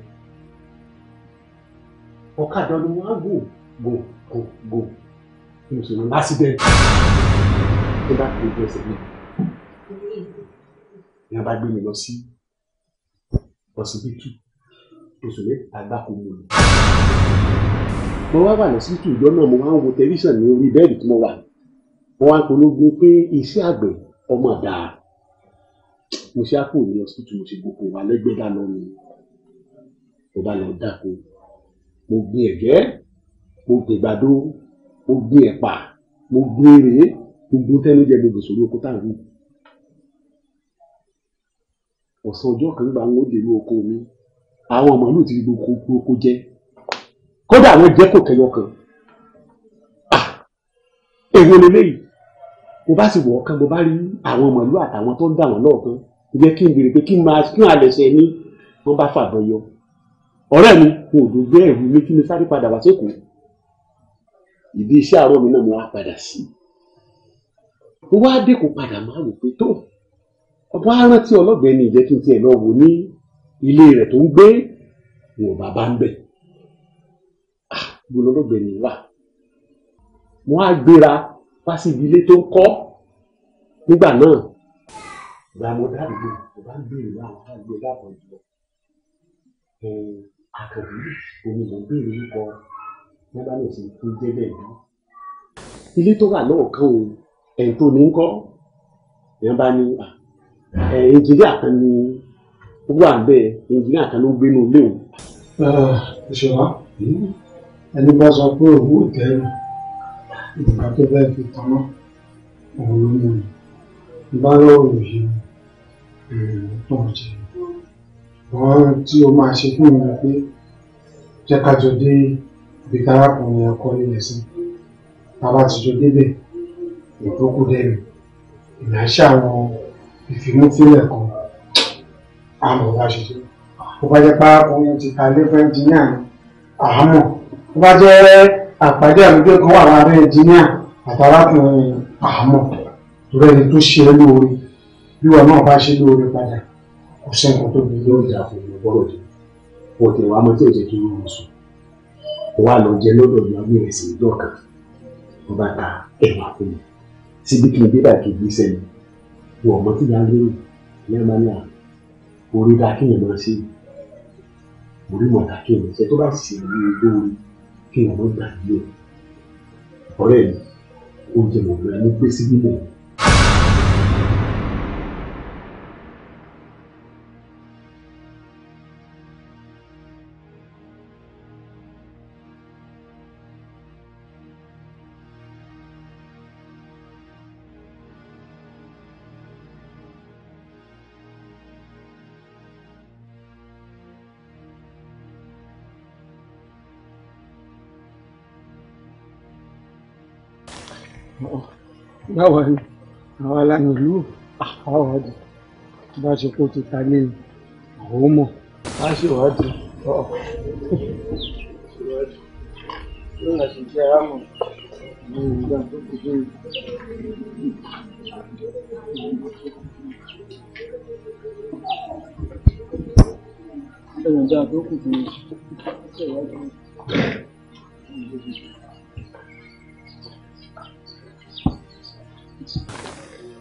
ọ̀kadà ni wọn á gò gò gò gò kí mo sì lọ láti bẹ ẹ bá kó ojú ẹsẹ̀ mi ni wọn gbé mi lọ sí ọsibítù oṣù mẹ́ta mo lò mo wá wà ní ìjọ náà mo wá ń wo tẹlifíṣàn ní orí bẹ́ẹ̀dì tí mo wà mo wá ń polongo pé iṣẹ́ àgbẹ̀ ọmọ dáa mo ṣe àpò ní ọsítù mo ṣe gbogbo wa lẹ́gbẹ́ dáná ni mo bá lọ dáko mo gbin ẹ̀gẹ́ mo gbin gbàdo mo gbin ẹ̀pà mo gbin èrè gbogbo tẹnu jẹ gbogbo sórí oko táwọn wù ọ̀sán ọjọ́ kan gbà ń wọ́n dèrò oko mi àwọn màálù ti rí gbogbo oko jẹ́ kódà àwọn jẹ́ kò kẹyọ kan ah, èrò lélẹ́yìí mo bá sì wọ̀ ọ́kán mo bá rí àwọn màálù àtàwọn tó ń dà wọ́n lọ́ọ̀kan ìjẹ́ kí n béèrè pé kí n máa kí n àlẹ́sẹ̀ ní wọ́n bá fàbọ̀ yọ ọ̀rẹ́ mi kò dùn gbé ẹ̀rù mi kí n sáré padà wá sékòó ìdí iṣẹ́ àárọ̀ mi náà mo wá padà sí mo wá dẹ́kun padà máa rò pé tó ọmọ arántí ọlọ́gbẹ́ni ìjẹ́ kí n lọ wò ní ilé rẹ̀ tó ń gbé wọn bàbá ń bẹ̀ gbolórógbè mi wà wọn á gbéra wá sí ibi ilé tó ń kọ́ nígbà náà ìgbàmọ dàdúgbò kò bá ń béèrè wá àwọn àgbẹ̀ láàbọ̀ jùlọ àkànbí omi ló ń béèrè nípa nígbà náà sì tó jẹ́ bẹ́ẹ̀ bí ilé tó wà náà kan o ẹni tó ní ń kọ́ èèyàn bá ní ẹnjìnìá kan ní ó wà bẹ́ẹ̀ ẹnjìnìá kan ló gbénu léwu. Ah, ẹ ṣe wá. Hmm ẹni bá sọ pé òwú ìtẹ́rù ìgbà tó fẹ́ fi tanná òun ló mú un bá lọ́rùn yìí tó ń jẹ wọ́n tí o máa ṣe fún mi pé jẹ́ ká jọ dé ibi tárákùnrin ẹ̀kọ́ nílẹ̀ sí bàbá ti jọ débẹ̀ ìdókù dẹ́nu ìnáṣẹ́ àwọn ìfimúfilẹ̀ kan àmọ̀ bá ṣe ṣe bó bá jẹ́ párákùnrin ti ta lẹ́fẹ̀ẹ́ dín náà àhámọ́ tó bá jẹ́ àpàdé àgbẹ̀gbẹ̀ kan wà láàárín ẹnjìníà àtàlákùnrin àmọ́ torí ẹni tó ṣe é lóore bí wọn náà bá ṣe lóore padà kò sí nǹkan tó bí yóò dà fún mi bọ́rọ̀ dé o tẹ̀ wá mọ́ tí ò jẹ́ kí wọ́n sùn o wá lọ jẹ lọ́dọ̀ ní ọgbẹ́ rẹ̀ sí ìjọ kan wọ́n bá ta ẹ̀wà fún mi síbi kí n dé bàtí ìgbé sẹ́ni wọ́n mọ́ tí yàrá lérò ní amáníà orí dákìnyìn lọ sí orí mọ̀dákìnyìn ṣe tó bá sì ṣe ìlú lórí kí n mọ́ gbàgbé ọ̀rẹ́ mi oúnjẹ mọ̀ bẹ́ẹ̀ ló báwo ni àwọn aláyàn ìlú àwọn ọdún bá ṣe kó ti ta lé àwọn mọ á ṣèwádìí ọ ṣèwádìí lórí àṣìṣe àmọ́ ìgbà tó ti dé. ẹ̀yìn dáa tó kù tó ṣèwádìí.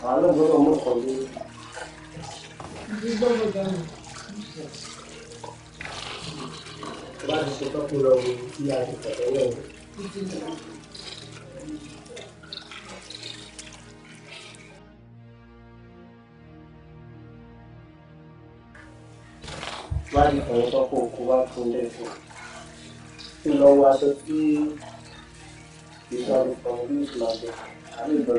Aló, bueno, vamos con él. Báyìí ṣe tí a aṣọ tí ìṣàlùfọ̀ ní ìṣúná jẹ? Alẹ́ ìbọn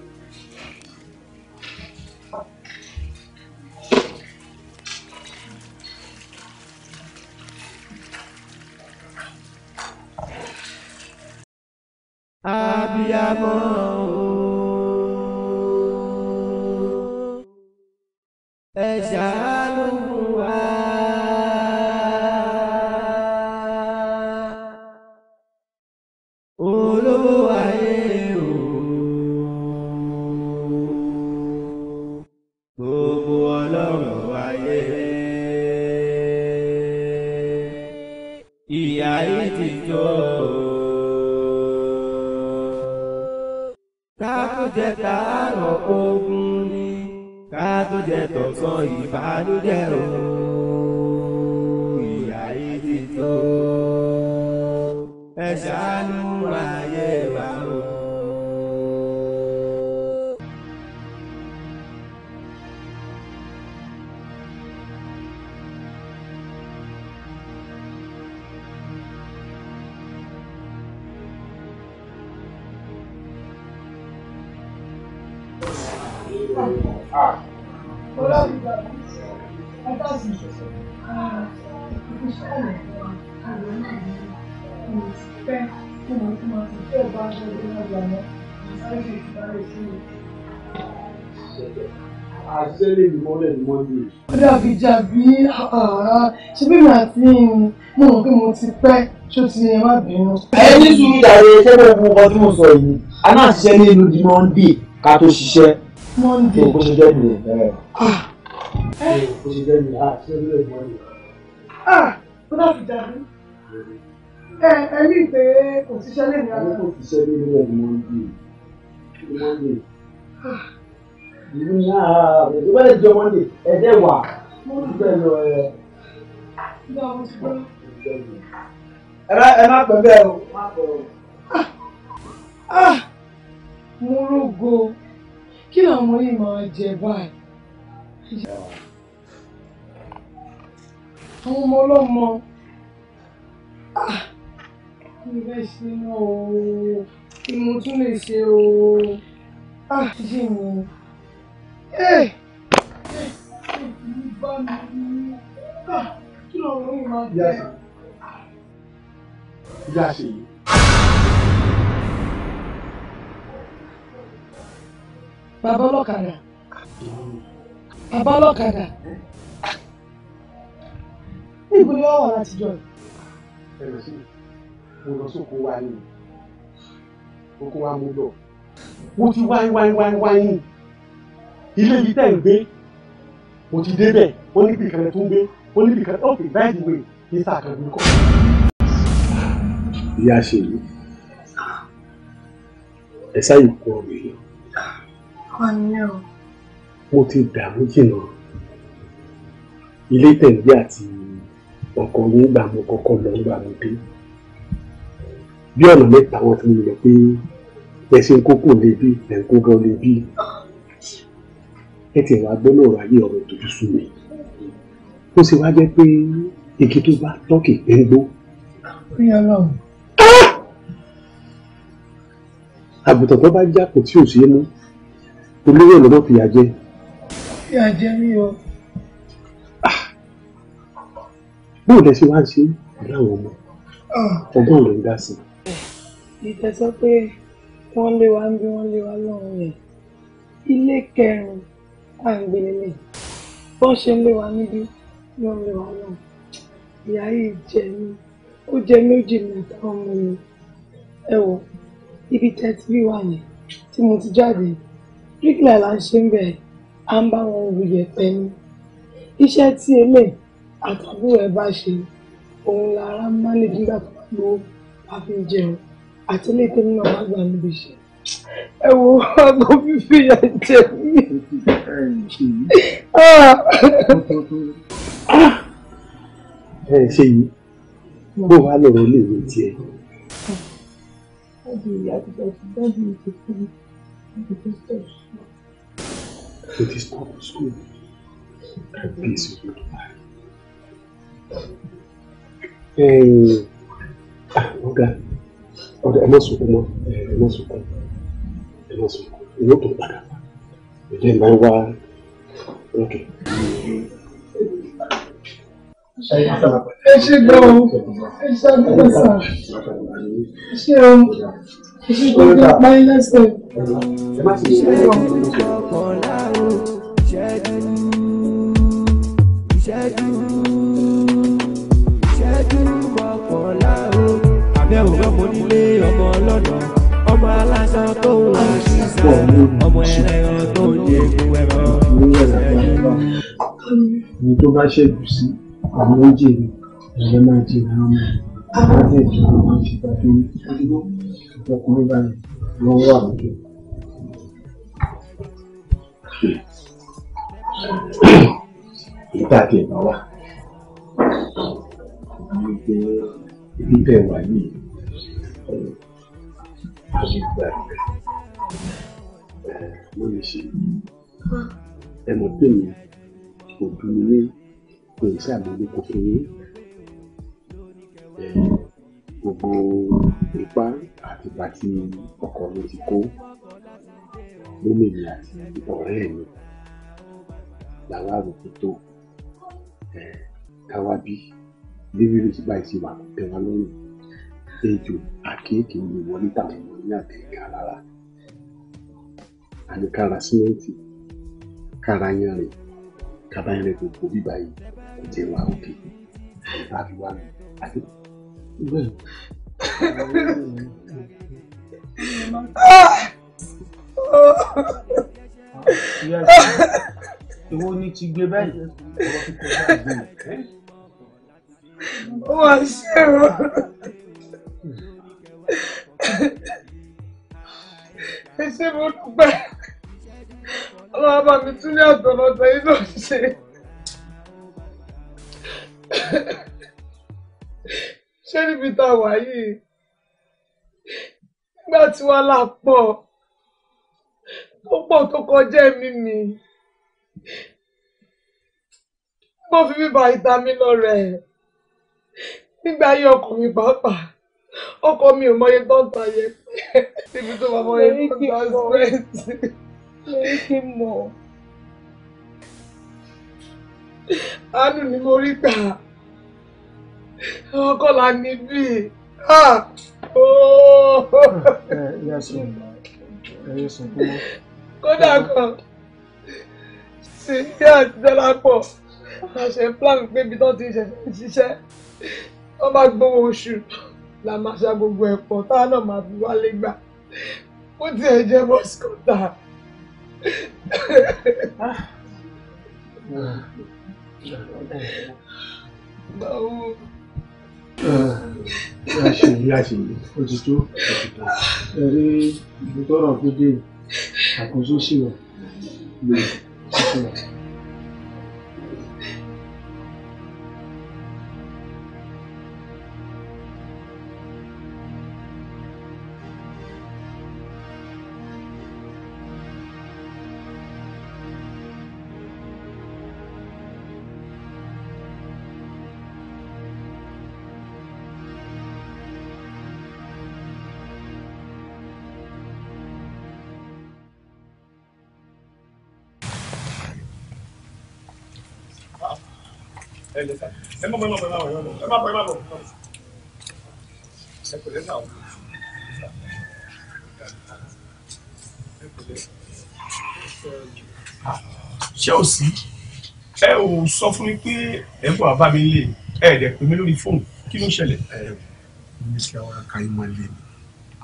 abiyamọ o ẹ ṣáá. àṣẹ́lẹ̀ ìmọ́lẹ̀ ni wọ́n ṣe bí mi àti ìrìn mo mọ̀ pé mo ti pẹ́ ṣó ti ẹ má bínú. ẹ ní sùúrù ìyàwó ṣẹ́gun ogun kan tí mo sọ yìí a náà ṣiṣẹ́ ní ìlú di Monday ká tó ṣiṣẹ́. Monday. bó ṣe jẹ́ nìyẹn. Ah. bó ṣe jẹ́ nìyẹn àti orílẹ̀ èdè mọ́ni. Ah, tó bá fi dàbí. ẹ ẹ ní ìpè kò tíṣẹ́ lé mi àná. kò tíṣẹ́ lé mi àná Monday. Monday. ìlú náà tó bá lè jọ Monday ẹ̀jẹ̀ wà. bẹ́ẹ̀ lọ ẹ. ẹ má ẹ má pẹ́ bẹ́ẹ̀ o. Ah. mo rògo kí làwọn ọmọ yìí máa jẹ báyìí. àwọn ọmọ ọlọ́mọ mi ah, fẹ́ ṣe náà ooo kí mo tún lè ṣe ooo jí mi. kí làwọn ọmọ bàbá ọlọ́kadà bàbá ọlọ́kadà níbo ni wọ́n wà látijọ́ yìí. ẹ lọ sí mo lọ sóko wa ni oko wa mo lọ mo ti wáyé wáyé wáyé wáyé ilé ibi tẹ́ ń gbé mo ti débẹ̀ ó ní bìkan tó ń gbé ó ní bìkan ó fi báyìí wé ní sàkàndùn kọ́. ìyá ṣe yìí ẹ sáyé kú ọ̀rọ̀ yìí mo ti dààmú jìnnà ilé tẹ̀lé àti ọkọ̀ nígbà mo kọ́kọ́ lọ nígbà mo dé bí ọ̀nà mẹ́ta wọn fi lọ pé ẹṣin kókò lè bí ẹ̀ǹkó gan lè bí ẹ tiẹ̀ wá gbọ́ náà ráyè ọ̀rọ̀ ìtọ́jú sùn mi ó sì wá jẹ́ pé igi tó bá tọ́kì pé ń gbó. àgùntàn olórí ọ̀nà ló fìyà jẹ. fìyà jẹ mí o. Ah. bóun lẹ ṣe wá ń ṣe pẹ̀lú àwọn ọmọ ah. ọgbọ́n ló ń dá sí. ìtẹ̀ sọ pé wọ́n lé wa ń bí wọ́n lé wa lọ́rùn yẹn ilé kẹrin à ń gbé lélẹ̀ bó ṣe ń lé wa níbí wọ́n lé wa lọ́rùn ìyá yìí jẹ mí ó jẹ méjì mẹ́ta ọmọ mi ẹ wò ibi tẹ́ ti rí wa yẹn tí mo ti jáde yìí bíríkìlà là ń ṣe ń bẹ̀ à ń bá wọn wù yẹ̀pẹ̀ ni iṣẹ́ tí elé àtàbí rẹ̀ bá ṣe òun lára máa lè nígbà tó bá gbó àfi jẹun àti ilé tẹ́lẹ̀ náà wá gbà níbi iṣẹ́ ẹ wo àgbo fífi ìyà jẹ mí. Ah! ẹ ṣe yìí bó wàá lọ̀rọ̀ ilé ìwé tiẹ̀. ó di ìyá tó fẹ́ fi dájú ìṣèkúrú. It is not school. I peace with your life. Ẹ̀yin ọ̀gá ọ̀gá ẹ má sunkún mọ́ ẹ má sunkún ẹ má sunkún You padà ẹ̀jẹ̀ máa ń wá lókè ẹ ṣe gbọ́ o ẹ ṣe àgbẹ̀dẹ sà ẹ ṣe o ẹ ṣe gbọ́dọ̀ báyìí lẹ́sẹ̀ ẹ ṣe gbọ́. abẹ́ òwe ọmọ onílé ọmọ ọlọ́nà ọmọ aláṣọ tó ń wá ṣiṣẹ́ ọmọ ẹlẹ́ran tó ń jẹ ewu ẹ̀rọ. ní tó bá ṣẹ́gun sí i àmì oúnjẹ mi ẹ̀rọ máa jẹ ìran mi láti ẹ̀jọ̀ ló máa ṣe gbàgbé àdúgbò ọkùnrin báyìí wọ́n wà lókè. ìta àti ẹ̀bà wà àwọn ìgbẹ́ bíbẹ̀ wà yìí àti ìgbà rẹ̀ ló ṣe ẹ̀mọ́ tèmi kò dùn mí ní kò ní sàgbélé kékeré gbogbo ipá àti ipa tí ọkọ mi ti kó lómi mi àti ọ̀rẹ́ mi làwa rògbò tó káwa bí bíbélì ti báyìí ti wà tẹ wá lọ́rùn ejò àkéèké ni wọlé táwọn ọmọ ní àtẹ̀ká rárá àní kára símẹ́ǹtì kára yanrìn kára yanrìn gbogbo bíbá yìí kò jẹ́ wa òkè àbí wa mi àbí. Ìwọ ni ti gbé báyìí. Ó wà ṣe o. Ẹ ṣe mo dúpẹ́. Ọlọ́run bá mi tún ní àtọ̀nà ọ̀tọ̀ yìí ṣé níbi tá a wà yìí nígbà tí wàá là pọ̀ tó pọ̀ tó kọjá ẹ̀mí mi mo fi bíbá ìta mi lọ rẹ̀ nígbà yí ọkọ mi pàápàá ọkọ mi ò mọye tó ń ta yẹ níbi tó máa mọye tó ń ta sírẹ́ǹtì. lórí kí n àánú ni mo rí gbà á àwọn kọ́ la ní bí kódà kan sílẹ̀ àti dọ́làpọ̀ àṣẹ plan pé ibi tó ti ṣẹ̀ṣẹ̀ ń ṣiṣẹ́ wọ́n bá gbowó oṣù la máa ṣa gbogbo ẹ̀pọ̀ táwọn náà máa fi wálé gbà ó tiẹ̀ jẹ́ bọ́sikọ́tà. Ah. báwo àṣèyí àṣèyí òtítọ́ òtítọ́ ẹ̀rí ìbútọ́rọ̀ gbé dé àkóso sí wa lè ṣiṣẹ́ wa. ẹ lẹ́sà ẹ má bọ̀ ẹ má bọ̀ o. ṣé o sí ẹ ò sọ fún mi pé ẹ bọ̀ àbá mi lè ẹ ẹ̀ dẹ̀ pè mí lórí fóònù kí ló ń ṣẹlẹ̀. ẹ ẹ mi kí àwọn akáyí máa lé mi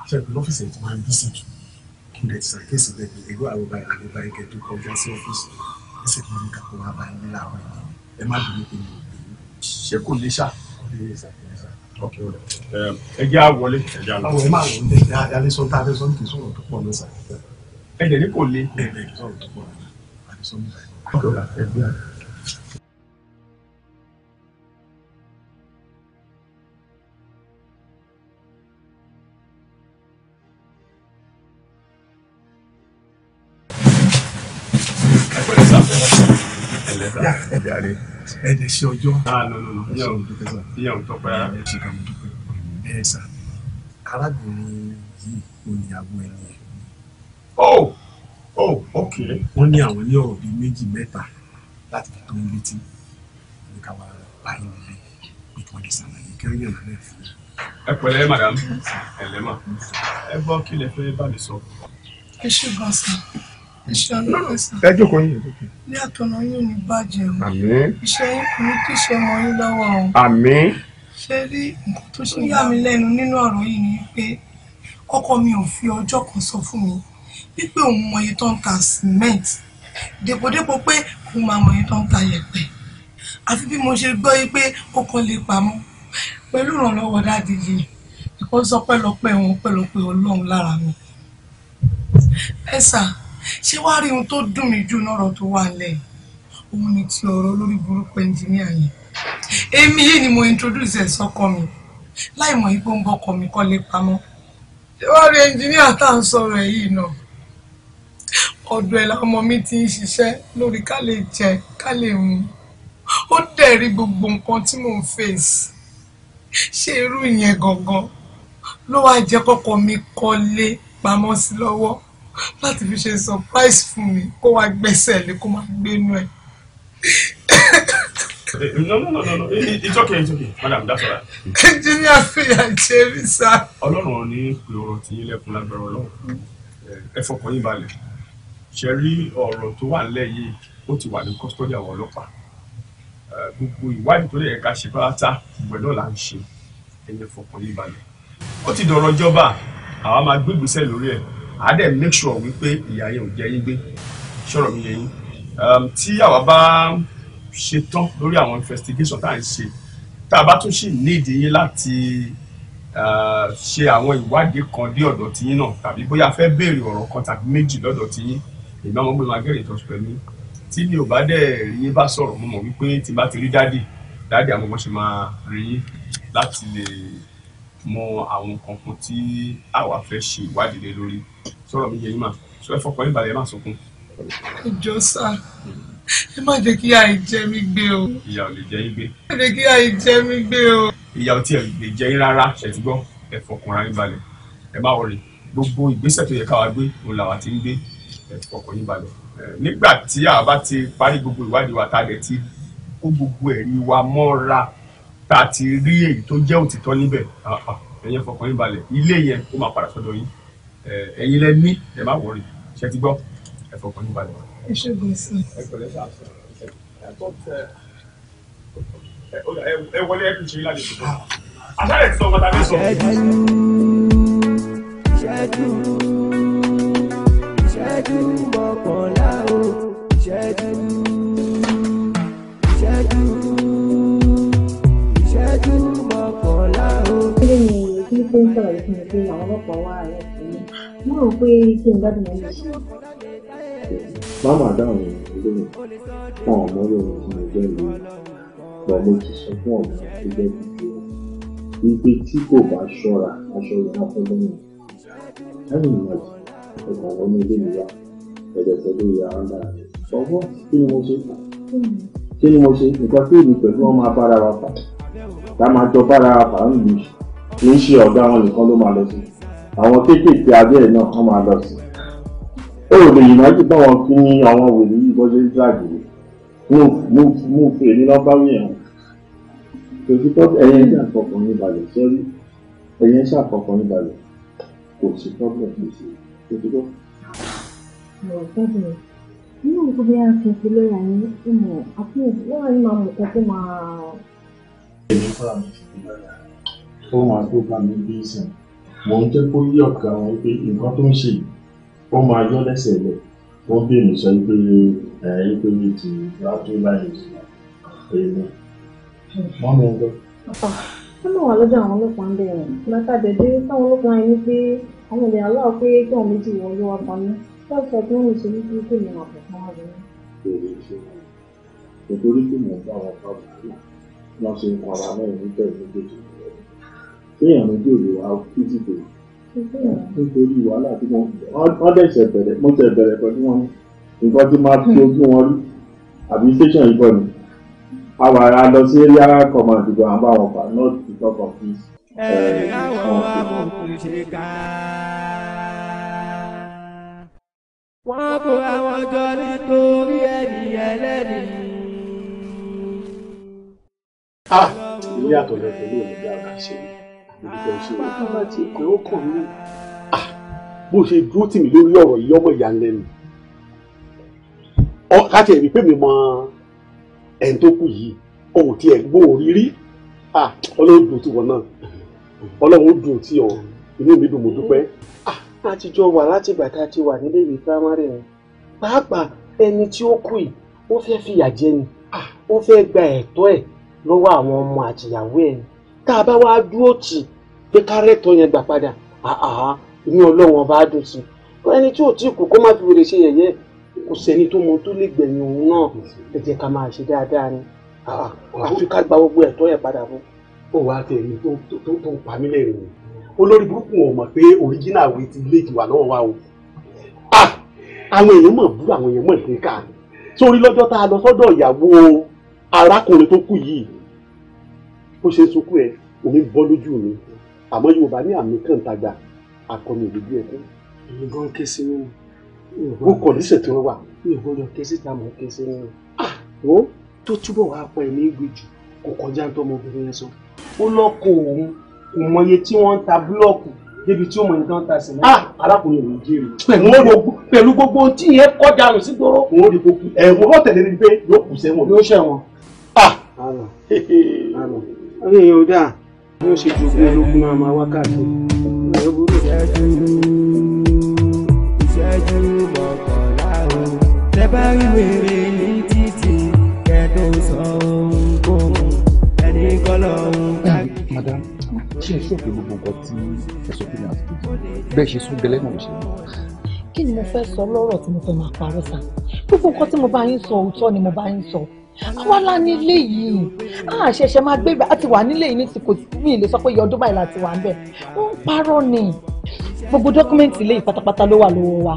àfẹ́ pé lọ́fíìsì ẹ̀ tó máa ń bí sí jù kí n dẹ̀ ti ṣàkíyèsí bẹ́ẹ̀ ni irú àrùbá àrùbá ẹ̀kẹ́ kọjá sí ọ́fíìsì ẹ̀ sì máa ń kàkó wá báyìí láàárọ̀ ẹ̀ má dùn ní pé mi ò ṣé kò lè ṣá ẹ jẹ́ àwọlé. àwọn ẹ̀ máa wọ ní ẹ̀jẹ̀ adésọ́ntà adésọ́ntà kì í sọ̀rọ̀ tó pọ̀ lọ́sà. ẹ̀jẹ̀ ní kò le. ẹ̀jẹ̀ ní kò le. adésọ́ntà ẹ̀jẹ̀ jàre ẹ dẹ̀ ṣe ọjọ́. ìyá ò tọpẹ ara. ẹ ṣe ká mo dúpẹ́ ẹ sà arábìnrin yìí ò ní àgbo ẹni ẹ. ó ó ok. wọ́n ní àwọn ní ọ̀rọ̀ bíi méjì mẹ́ta láti fi tó ń létí ní ká wá báyìí nílé pé kí wọ́n lè ṣàlàyé kí wọ́n yàn lálẹ́ fún un. ẹ pẹ̀lẹ́ madam ẹ lẹ mà ẹ gbọ́ kí lẹ fẹ́ bá mi sọ. ẹ ṣe bá a sọ iṣẹ́ ọlọ́run sí. ẹ jókòó yín. ní àtọ̀nà yín ní bàjẹ́ o. àmín. iṣẹ́ yín kò ní kí iṣẹ́ mọ yín lọ́wọ́ o. àmín. ṣé rí nǹkan tó ṣe yà mí lẹ́nu nínú ọ̀rọ̀ yìí ni pé ọkọ mi ò fi ọjọ́ kan sọ fún mi wípé òun mọ iye tó ń ta cement dèpòdépò pé òun máa mọ iye tó ń ta yẹ̀pẹ̀ àfi bí mo ṣe gbọ́ yìí pé ó kàn lè pamọ́ pẹ̀lú ìrànlọ́wọ́ dáàdì yìí ó sọ pẹ́lọpẹ́ wọn ọlọ́run lára mi. ẹ sà ṣé wàá rí ohun tó dùn mí jù lọ́rọ̀ tó wà lẹ̀ òun ni ti ọ̀rọ̀ olórí burúkú ẹnjìníà yẹn èmi yìí ni mo introduce ẹ̀ sọ́kọ mi láì mọ̀ yìí pé ń bọ́kọ mi kọ́ lé pamọ́ ṣé wàá rí ẹnjìníà tá à ń sọ̀rọ̀ ẹ̀ yìí náà ọ̀dọ̀ ẹ̀ làwọn ọmọ mi ti ń ṣiṣẹ́ lórí ká lè jẹ ká lè mu ó dẹ̀ rí gbogbo nǹkan tí mò ń fèsì ṣé irú ìyẹn gangan ló wàá jẹ́ kọ́kọ́ mi kọ́ lé pamọ́ sí lọ́wọ́ láti fi ṣe surprise fún mi kó wá gbẹ́sẹ̀ lé kó má gbénú ẹ̀. Eh, no no no no it, eh, eh, it's okay it's okay madam that's all right. engineer fìyà jẹ mi sá. ọlọ́run ní pé ọ̀rọ̀ tí yín lẹ́kùn lágbára ọlọ́run ẹ fọkàn yín balẹ̀ ṣe rí ọ̀rọ̀ tó wà nílẹ̀ yìí ó ti wà ní kọ́sítọ́dì àwọn ọlọ́pàá gbogbo ìwádìí tó lè ẹ̀ka ṣe pátá gbẹ̀dọ̀ là ń ṣe ẹ̀yẹ fọkàn yín balẹ̀ ó ti dọ̀rọ̀ ìjọba àwa máa gbégbèsè lórí ẹ̀ àá dẹ̀ make sure wípé ìyá yẹn ò jẹ́ yín gbé ṣọ̀rọ̀ mi yẹ yín um, tí àwa bá ṣe tán lórí àwọn investigation tá à ń ṣe tá a bá tún ṣì need yín láti uh, ṣe àwọn ìwádìí kan dé ọ̀dọ̀ tiyín náà tàbí bóyá fẹ́ béèrè ọ̀rọ̀ kan tàbí méjì lọ́dọ̀ tiyín èmi àwọn ọmọ máa gẹ̀rẹ̀ ìtọ́jú pẹ̀lú tí mi ò bá dẹ̀ rí yín bá sọ̀rọ̀ mo mọ̀ wípé tí n bá ti rí dáàdì dáàdì àwọn ọmọ ṣe máa rí yín láti lè mọ àwọn kankan tí àwa fẹ́ ṣe ìwádìí lé lórí sọ̀rọ̀ mi yẹ yín mà sọ ẹ fọkàn ìbàlẹ̀ má sunkún. ìjọ sá hmm. ẹ má jẹ́ kí àìjẹ mi gbé o. ìyà ò lè jẹ yín gbé. ẹ má jẹ́ kí àìjẹ mi gbé o. ìyà ò tiẹ̀ lè jẹ yín rárá ṣètúgbọ́ ẹ fọkàn ara yín balẹ̀ ẹ má wọlé gbogbo ìgbésẹ̀ tó yẹ káwa gbé òun làwa ti ń gbé ẹ fọkàn yín balẹ̀ nígbà tí àwa bá ti parí gbogbo ìwádìí wa tá a dẹ̀ ti kó gbogbo ẹ̀rí wa mọ́ra tá a ti rí èyí tó jẹ́ òtítọ́ níbẹ̀ ẹ̀yẹ fọkàn yín balẹ̀ ilé yẹn ó máa padà sọ́dọ̀ yín ẹ̀yin lẹ ní ẹ má wọrí ṣe ti gbọ́ ẹ fọkàn yín balẹ̀. ẹ ṣe gbọ́n sí i. ẹ pẹ̀lẹ́ sáà sọ ẹ wọlé ẹ kì ṣe ilé àlejò kan àṣàlẹ̀ ti sọ ọmọ tàbí sọ. ṣẹ́jú ṣẹ́jú mọ́kànlá o ṣẹ́jú ṣẹ́jú. tí ṣe ń sọ̀rọ̀ yìí fún mi pé àwọn ọlọ́pàá wá àárẹ̀ fún mi mo rò pé kí n gbádùn ẹni ṣe. màmá dáhùn ilé mi wọn ò mọ lórí ọmọ ẹgbẹ́ mi wọn mo ti sọ fún ọmọ ẹgbẹ́ mi wípé tí kò bá ṣọ́ra aṣọ ìdá fún lẹ́yìn lẹ́yìn ìmọ̀jì ẹ̀kọ́ wọn ní ilé mi wá ẹ̀dẹ̀sẹ̀ ló yà á dára ọwọ́ kí ni mo ṣe kí ni mo ṣe nǹkan tí èmi pẹ̀lú ọmọ abára wa fà tá a máa jọ bára wa fà ń lù yìí kì í ṣe ọ̀dọ̀ àwọn nìkan ló máa lọ sí àwọn kéékèèké abẹ́ ẹ̀ náà wọ́n máa lọ sí. ó lè yìnbọn bá wọn kí ní àwọn wèrè yìí bọ́jú jáde mú fún èmi lọ́bá wíyàn tòjú tó ẹyẹ ń ṣàkọkàn ní balẹ̀ sẹ́rí ẹyẹ ń ṣàkọkàn ní balẹ̀ kò sí problem kò sí tòjú tó. ọ̀rọ̀ tẹ́jú mi inú mi kò bí a kì í fi lọ́ọ̀yà ní ìmọ̀ àti ìwọ́n àyè máa mọ̀ kó tó máa. èmi fúnra mi ti fi lọ́ọ̀yà ó máa tó bá mi bí sìn mò ń jẹ́ kó yí ọ̀gá wọn pé nǹkan tó ń ṣe ó máa yọ lẹ́sẹ̀ lẹ̀ wọ́n bí mi sọ pé ẹ̀ ẹ́ pé mi ti wá tó láyé èmi wọ́n mi ń lọ. Ah, wọ́n mọ̀ wá lọ́dọ̀ àwọn ọlọ́pàá ń bẹ̀rẹ̀ látàdé dé táwọn ọlọ́pàá yẹn ní pé àwọn ènìyàn aláwọ̀ pé kí àwọn méjì wọ́n lọ́wọ́ pa mí lọ́sọ̀ tó ń ṣe ní kí kò àpò fún wa lọ́wọ́. nítorí pé mò ń bá wọn pa bùkún náà ṣe ń para mẹ́rin níbẹ̀ nígbèjì kéèyàn méjì ò lè wá títí tó nítorí wàhálà tí wọ́n wọ́n dẹ̀sẹ̀ bẹ̀rẹ̀ mo tẹ̀ bẹ̀rẹ̀ pẹ̀lú wọn nǹkan tí máa fi ojú wọn rí àbí station yìí kọ́ ni àwọn ará lọ sí area command ìgbà àwọn bá wọn fà not to talk of this. ẹ eh, ẹ káwọn amòkùn ṣe ká. wọ́n kó àwọn jọ nítorí ẹni ẹlẹ́ni. a ah, ìyàtọ̀ lọ pẹ̀lú òní bí a ìdíjọ ṣe é tó bá ti pẹ́ ó ah, bó ṣe dúró tì mí lórí ọ̀rọ̀ yìí ọmọ ìyàlẹ́nu káàtì ẹ̀mí pé mi mọ ẹni tó kù yìí òun ti ẹ̀ gbọ́ òrírí ah, ọlọ́run dùn tiwọn náà ọlọ́run dùn tí ọ inú mi dùn mo dúpẹ́. Ah, a ti jọ wà láti ìgbà tá a ti wà nílé ìwé primary rẹ pàápàá ẹni tí ó kù yìí ó fẹ́ fìyà jẹ ni ó fẹ́ gba ẹ̀tọ́ ẹ̀ lọ́wọ́ àwọn ọmọ àtìyàwó ẹ̀ ni tá a bá wá dúró tì pé kárẹ́tọ̀ yẹn gbà padà àhà ní ọlọ́run ọba dùn sí i ẹni tí ò tí kù kó má fi wèrè ṣe yẹ̀yẹ́ kò sẹ́ni tó mọ tó lè gbẹ̀yìn òun náà ẹ jẹ́ ká máa ṣe dáadáa ni àfi ká gba gbogbo ẹ̀tọ́ yẹn padà fún. ó wàá tẹ èmi tó tó tó pa mí lẹ́rìn ni olórí burúkú wọn mọ̀ pé oríjínà àwẹ̀ ti lé jù wà lọ́wọ́ wa o àwọn èèyàn mọ̀ bú àwọn èèyàn mọ̀ ìpínká sórí lọ́jọ́ tá a lọ sọ́dọ̀ ìyàwó arákùnrin tó kù yìí bó ṣe ń sunkún ẹ omi bọ́ lójú mi àmọ́ yorùbá ní àmì kàǹtàgbà akọni òdodo ẹ kú. èmi gan ké sí nínú. wọ́n kọ̀ níṣẹ́ tí wọ́n wà. mi ò gbọ́dọ̀ ké síta mọ̀ ké sí nínú. Ah, wọ́n tó túbọ̀ wá pọ̀ ẹ̀mí gbèjù kò kọjá tó ọmọbìnrin yẹn sọ. ó lọ́kọ̀ òun kò mọye tí wọ́n ń ta búlọ́ọ̀kù débi tí ó mọ nǹkan ta sí náà. Ah, arákùnrin mi jèrè. pẹ̀lú gbogbo tí yẹn kọ́ dànù sí gbòòrò. òun ò di kó kú ẹ̀wọ̀n tẹ̀lé ni pé yóò kù sẹ́wọ̀n. yóò ṣẹ̀wọ̀n. Ah! ọ̀rẹ́ yẹn ò dáa bí ó ṣe jogún ológun máa máa wákàtí ọ̀rẹ́ burú. ìṣẹ́jú o tẹ bá rí sọ ohun é ṣòfin gbogbo nǹkan tí ẹ sọ fún mi àti bẹ́ẹ̀ ṣe sún gẹ́lẹ́ náà ṣe kí ni mo fẹ́ sọ lọ́rọ̀ tí mo fẹ́ máa parọ́ sa gbogbo nǹkan tí mo bá yín sọ òótọ́ ni mo bá yín sọ wọ́n lá nílé yìí a ṣẹ̀ṣẹ̀ máa gbé a ti wà nílé yìí ní ti kò ní ilé sọ pé iye ọdún báyìí la ti wà ń bẹ̀ wọ́n ń parọ́ ni gbogbo dọ́kúmẹ́ǹtì ilé yìí pátápátá ló wà lọ́wọ́ wa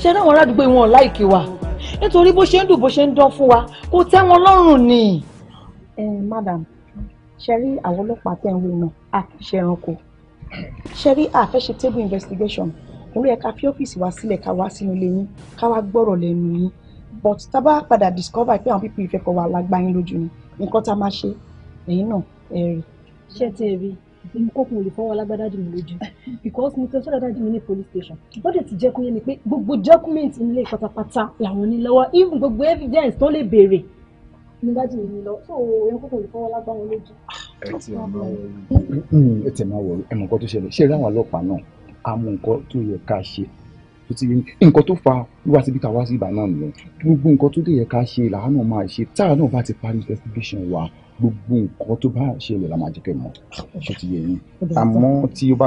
ṣe náà wọn aládùúgbò wọn láìkí wa nítorí bó ṣe ń dùn bó ṣe ń dán fún wa kò tẹ́ lọ́rùn ni. ẹ madam ṣe rí àwọn ọlọ́pàá tẹ̀ ń wé náà a kì í ṣe ẹranko ṣe rí àfẹ́ṣe table investigation òun yẹ ká fi ọ́fíìsì wa sílẹ̀ ká wá sínú ilé yín ká wá gbọ́rọ̀ lẹ́nu yín but tá a bá padà discover pé àwọn pípọ̀ ìfẹ́kọ̀ wà lágbá yín lójú ni nǹkan tá a máa ṣe ẹ̀yin náà ẹ̀ rí. ṣé ti rí mo kó kun olùfọwọ́ alágbádá dì mí lójú <laughs> because mo tẹ sọ́dọ̀ dájú mi ní police station wọ́n dẹ̀ ti jẹ́ kó yé mi pé gbogbo document nílé pátápátá làwọn ní lọ́wọ́ even gbogbo evidence tó lè béèrè ní dájú mi ní lọ so ẹ̀yin kó kun olùfọwọ́ alágbádá wọn lójú. ẹ tẹ̀ máa wọ̀ ẹ mọ̀ nǹkan tó ṣẹlẹ̀ ṣé ìráwọ̀ ọlọ́pàá náà a mú nǹkan tó yẹ ká ṣe tó ti nǹkan tó fa wíwá síbi ká wá sí ìbà náà nìyẹn gbogbo nǹkan tó dé yẹ ká ṣe làá náà máa ṣe táà náà bá ti parí investigation wa gbogbo nǹkan tó bá ṣẹlẹ̀ la máa jẹ́ kẹ́ mọ̀ ṣe ti yẹ yín àmọ́ tí o bá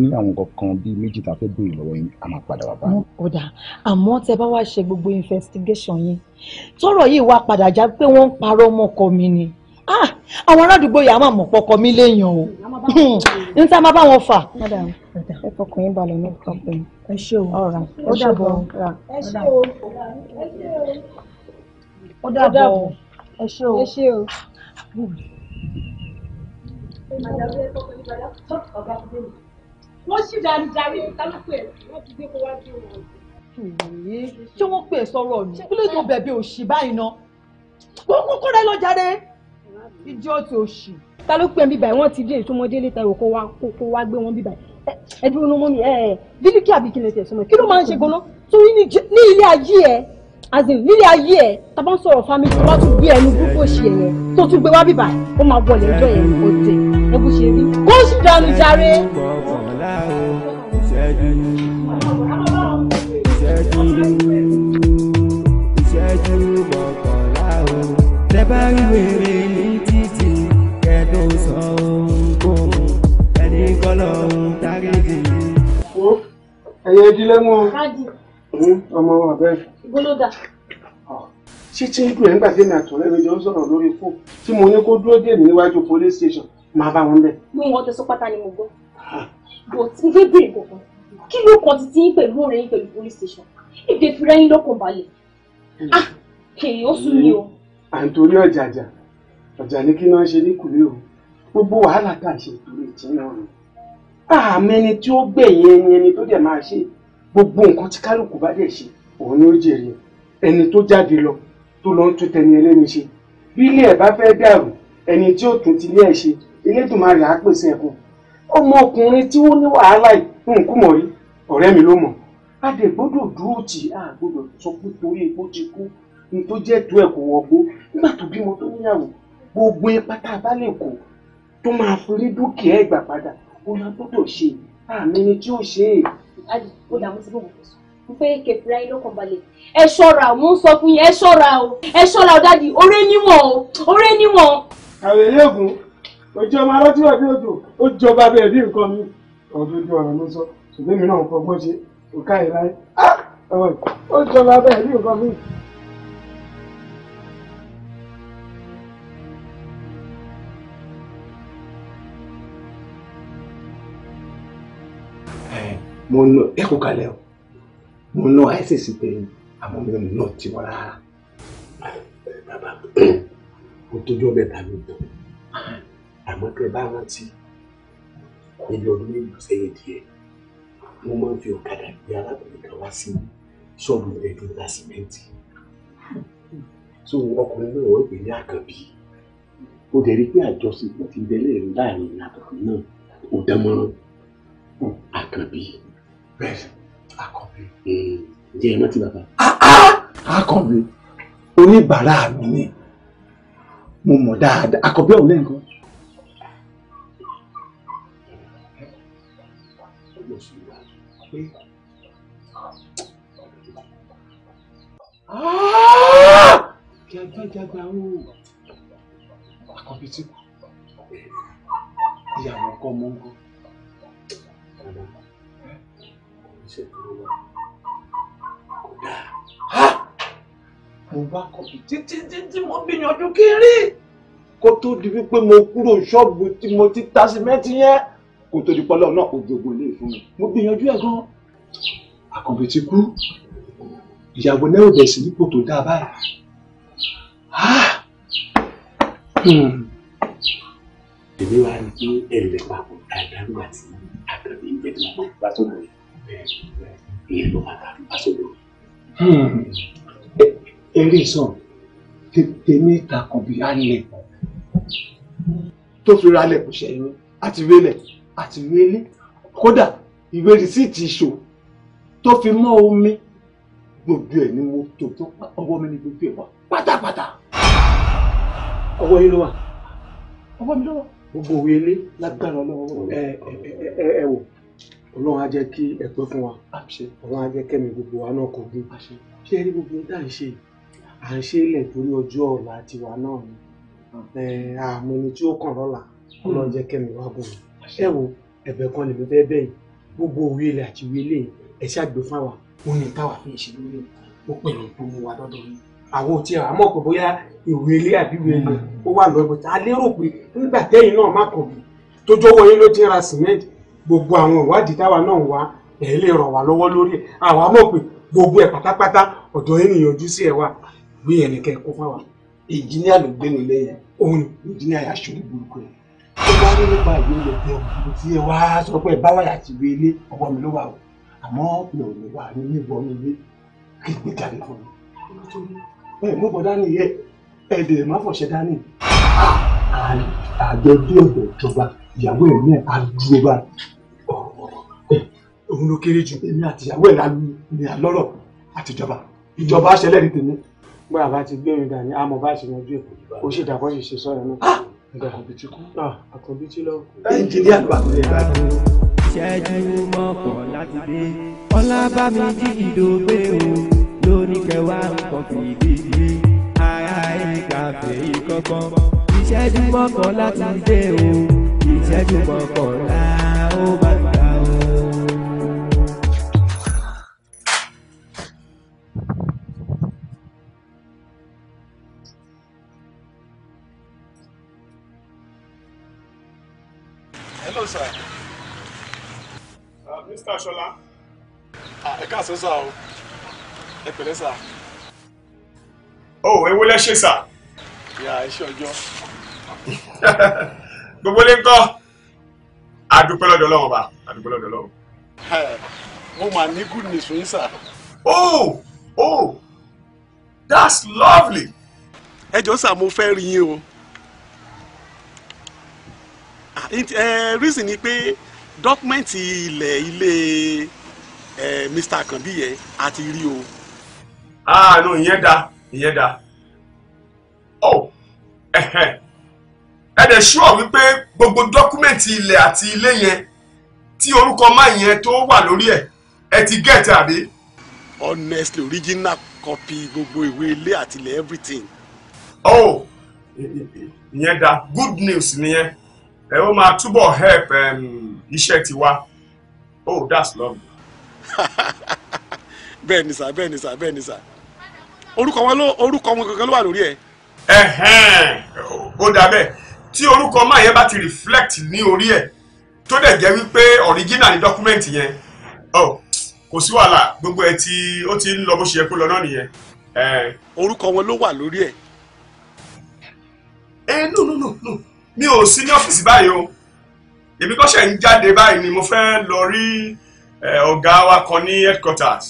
ní àwọn nǹkan bíi méjì tá a fẹ́ béèrè lọ́wọ́ yín a máa padà wá bá yín. ọ̀dà àmọ́ tẹ bá wá ṣe gbogbo investigation yín tọ́rọ̀ yìí wá padà já pé wọ́n ń parọ́ ọmọ mi ni Ah, àwọn aládùúgbò yà á máa mọ̀ pọkọ mi léèyàn o n ta máa bá wọn fà. ẹ fọkàn yín balẹ̀ ní ìkàpẹ́ ẹ ṣé o ọ̀rọ̀ ó dàbọ̀ ẹ ṣé o ó dàbọ̀ ẹ ṣé o ẹ ṣé o. wọ́n ṣì darí darí kálukú ẹ̀ wọ́n ti dé kó wá bí wọn. ṣé wọ́n pè é sọ́rọ̀ ni kí ló dé bẹ̀bẹ̀ òṣì báyìí ná wọ́n kọ́kọ́ rẹ lọ jáde ijó tí o ṣì. ta ló pè ń bíbà wọn ti dé ètò ọmọdé létà ìwòkó wa kó wá gbé wọn bíbà ẹ dúró ní mọ́mí ẹ bíbíkì àbí kí ni tẹ̀ sọmọ kí ló máa ń ṣe ganan torí ní ilé ayé ẹ azin nílé ayé ẹ tá bá ń sọ̀rọ̀ family tó bá tún gbé ẹnu gúrúpù òṣì ẹ̀yẹ tó tún gbé wá bíbà ó máa wọlé ẹjọ́ yẹn kò tẹ̀ ẹ bó ṣe rí kó dànù jàre. ìṣẹ́jú mọ̀kànlá o tẹ́ bá ń wèrè kọ́lọ́hún dáríjì mi. wo ẹyẹ ìdílé mú ọ ọmọ wọn bẹ́ẹ̀. gbólódà. Ah. ṣé tí ń dùn ẹ́ àtọ̀rẹ́ mi jọ ń sọ̀rọ̀ lórí fóònù tí mo ní kó dúró dè mí níwájú police station máa bá wọn bẹ̀. mú ìwọ̀n tó sọ pátá ni mo gbọ́ bó ti fẹ́ bèrè kankan kí ló kàn ti ti ń pẹ̀lú ọ̀rẹ́ yín pẹ̀lú police station èdè fúnra yín lọ́kàn balẹ̀ ah kèé ó sún mi o. à ń torí ọ̀jàjà ọ̀jà ní kí náà ṣe ní kùlé o gbogbo wàhálà tá a ṣe torí ìtì náà rẹ̀ àmì ẹni tí ó gbẹ̀yìn ẹni ẹni tó dẹ̀ máa ṣe gbogbo nǹkan tí kálukú bá dẹ̀ ṣe òun ni ó jèrè ẹni tó jáde lọ tó lọ ń tún tẹni ẹlẹ́ni ṣe bí ilé ẹ̀ bá fẹ́ dàrú ẹni tí ó tún ti ilé ẹ̀ ṣe Elédùmarè á pèsè ẹ̀kún ọmọkùnrin tí ó ní wàhálà nǹkú mọ̀ ọ̀rẹ́ mi ló mọ̀ a gbọ́dọ̀ dúró tì á gbọ́dọ̀ sọ pé torí epo ti kú ní tó jẹ́ tó ẹ̀ kò wọgbó nígbà tó bímọ tó níyàwó gbogbo ipa tá a bá lè kó tó máa fi rí dúkìá ẹ̀gbà padà ó la gbọ́dọ̀ ṣe àmì ni tí ó ṣe. ó dààmú sí bóun fẹ́ sọ mo fẹ́ kẹfìrà yín lọ́kàn balẹ̀ ẹ ṣọ́ra mo ń sọ fún yín ẹ ṣọ́ra o ẹ ṣọ́ra o dáàdi oré níwọ̀n o oré níwọ̀n. àwọn èyí ògùn ojú ọmọ aráàlú tí wà ní odò ó jọba bẹ́ẹ̀ bí nǹkan mi ọdún ojú ọ̀rọ̀ ló sọ ṣùgbọ́n mi náà ń fọgbọ́n ṣe òkà ìlàyé ah! ó jọba bẹ́ẹ̀ bí nǹkan mi. mo nà ẹ o mo nà isis gbẹ̀yìn àmọ́ mi ò nà tiwọn rárá. bàbá mo tójú ọbẹ̀ tàbí tó àmọ́ tẹ bá rántí níbi ọdún méjì sẹ́yìn díẹ̀ mo máa ń fi ọ̀kadà gbé arákùnrin kan wá sí ṣọ́ọ̀bù rẹ̀ tó ń ta sìmẹ́ǹtì so ọkùnrin náà wọ́n pè ní àkànbí ó dẹ̀ rí pé àjọṣepọ̀ ti bẹ̀lẹ̀ láàrin àtọ̀kùnrin náà ò dánmọ́rán àkànbí bẹ́ẹ̀ akọ̀wé. Hmm, ǹjẹ́ ẹ rántí bàbá. akọ̀wé ah, ah! oníbàárà mi ni mo mọ̀ dáadáa akọ̀wé ọ̀hún lẹ́ǹkan. kí ah! agbájágbá ó akọ̀wé tí kò ìyàwó ọkọ mọ́ ń ìṣèdúró wa kò dáa mo wá kọ̀bí títí títí mo gbìyànjú kiri kó tó di wípé mo kúrò ṣọ́ọ̀bù tí mo ti ta símẹ́ǹtì yẹn kó tó di pọ́lọ́ náà òjòògùn ilé ìfún mi mo gbìyànjú ẹ̀ gan àkànbí ti kú ìyàwó náà ò bẹ̀ sí nípò tó dáa báyìí. Hmm. èmi wá rí i ẹ̀rẹ̀ papọ̀ dáadáa nígbà tí àkànbí ń bẹ̀rẹ̀ lọ́wọ́ ìgbà tó lọ yìí ìyẹn ló bàtà àṣọdọ. eré sàn tèmi takàn bí alẹ́ tó fi ralẹ̀ kò ṣẹ̀yìn àti rélẹ̀ àti rélẹ̀ kódà ìwé rìsíìtì ìṣò tó fi mọ́ omi gbogbo ẹ̀ ni mo tó tó ọwọ́ mi ni gbogbo ẹ̀ wá pátápátá ọwọ́ yìí ló wà ọwọ́ mi ló wà gbogbo òwe ilé lágbára ọlọ́wọ́ ẹ ẹ ẹ wò ọlọ́run á jẹ́ kí ẹ̀pẹ́ fún wa ọlọ́run á jẹ́ kẹ́mi gbogbo wa náà kò gún ṣé rí gbogbo tá à ń ṣe à ń ṣe ilẹ̀ torí ọjọ́ ọ̀la tiwa náà ni àmọ́ ni tí ó kàn lọ́la ọlọ́run jẹ́ kẹ́mi wá bò mí ẹ wo ẹ̀bẹ̀ kan lèmi fẹ́ bẹ́ẹ̀ gbogbo òwe ilẹ̀ àti ìwé ilé ẹ̀ ṣàgbé fún wa òun ni táwa fi ṣe lórí ó pè ní tó mú wa dọ́dọ̀ yìí àwọn òtí àwọn mọ̀ pé bóyá ìwé ilé àbí ìwé ilé ó wà lọ́gbọ̀n tá a lérò pé nígbà tẹ́yìn náà má kàn mí tójọ́ wọ̀nyí ló ti ra sìmẹ́ǹtì gbogbo àwọn ìwádìí táwa náà wá ẹ̀ lè ràn wá lọ́wọ́ lórí ẹ̀ àwa mọ̀ pé gbogbo ẹ̀ pátápátá ọ̀dọ̀ ènìyàn ojú sí ẹ̀ wá gbé ẹ̀ nìkẹ́ kó fáwa. ìjìnìá ló gbé nílé yẹn òun ni ìjìnìá yà ṣòro burúkú ẹ̀. tó bá rí nípa ìwé ilẹ̀ tẹ ọ̀gbìn tí ẹ wá sọ pé báwa yà ti wé ilé ọwọ́ mi ló wà o àmọ́ mi ò lè wà ní ìbọn mi ilé kí n gbé jáde fún mi. ẹ mú bọ dání yẹ ẹ dèrè má fọṣẹ dání. Ah, àjọ bí ọ̀dọ̀ ìjọba ìyàwó ẹ̀ náà á dúró báyìí òun ló kéré jù èmi àti ìyàwó ẹ̀ ni àlọ́rọ̀ àtijọba ìjọba àṣẹlẹ̀ ní tèmi. gbọ́ àbá ti gbé mi dání àmọ́ bá ṣe yanjú ẹ̀ ó ṣe dàbọ̀ ṣe ṣe sọ̀rọ̀ náà. Ah! àkànbí ti kú. Ah, àkànbí ti lọ. ẹnjìníà ló wà lórí ẹ̀ báyìí. ìṣẹ́jú mọ́kàn láti dé ọlábàmíjì ìdògbé o lóní kẹwàá nǹkan fìdí ara ẹ̀ kàfé ìkọ̀kan ìṣẹ́jú mọ́kàn láti dé o ìṣẹ́jú mọ́kànlá ó bá gbà ó. Hello, sir. Uh, Mr. Ṣọlá. Ah, ẹ káàsán sá o. Oh, ewu lẹ ṣe sá. Ìyá ẹ ṣe ọjọ́. <laughs> Gbogbo lè ń kọ́ adúpẹ́ lọ́dọ̀ Ọlọ́run ọba adúpẹ́ lọ́dọ̀ Ọlọ́run. mo mà ní good news fún yín sà. oh oh that's lovely. ẹ jọ sà mo fẹ́ rí yín o ah, eh, reason ni pé dọ́kúmẹ́ǹtì ilẹ̀ ilé eh, Mr. Akanbi yẹn a ti rí o. ah no ìyẹn da ìyẹn da oh. Eh, ẹ dẹ̀ wípé gbogbo dọ́kúmẹ̀ntì ilẹ̀ àti ilé yẹn tí orúkọ máa yẹn tó wà lórí ẹ̀ ẹ ti gẹ̀ẹ́tì àbí. honestly original copy gbogbo ìwé ilé àti ilẹ̀ everything. oh ìyẹn da good news nìyẹn ẹ ó máa túbọ̀ help iṣẹ́ tiwa oh that's lovely. <laughs> bẹ́ẹ̀ ni sà bẹ́ẹ̀ ni sà bẹ́ẹ̀ ni sà orúkọ wọn ló orúkọ wọn kankan ló wà lórí ẹ̀. ẹ̀hẹ́n ó dà bẹ́ẹ̀. tí orúkọ máa yẹn bá ti reflect ní orí ẹ̀ tó dẹ̀ jẹ́ wípé original ni document yẹn ọ oh, kò sí wàhálà gbogbo ẹ tí ó ti ń lọ bó ṣe yẹ kó lọ náà nìyẹn. Eh. orúkọ wọn ló wà lórí ẹ̀. ẹ eh, no no no no mi ò sí ní ọ́fíìsì báyìí o èmi kọ́ ṣẹ̀ ń jáde báyìí ni mo fẹ́ lọ rí eh, ọ̀gá wa kan ní headquarters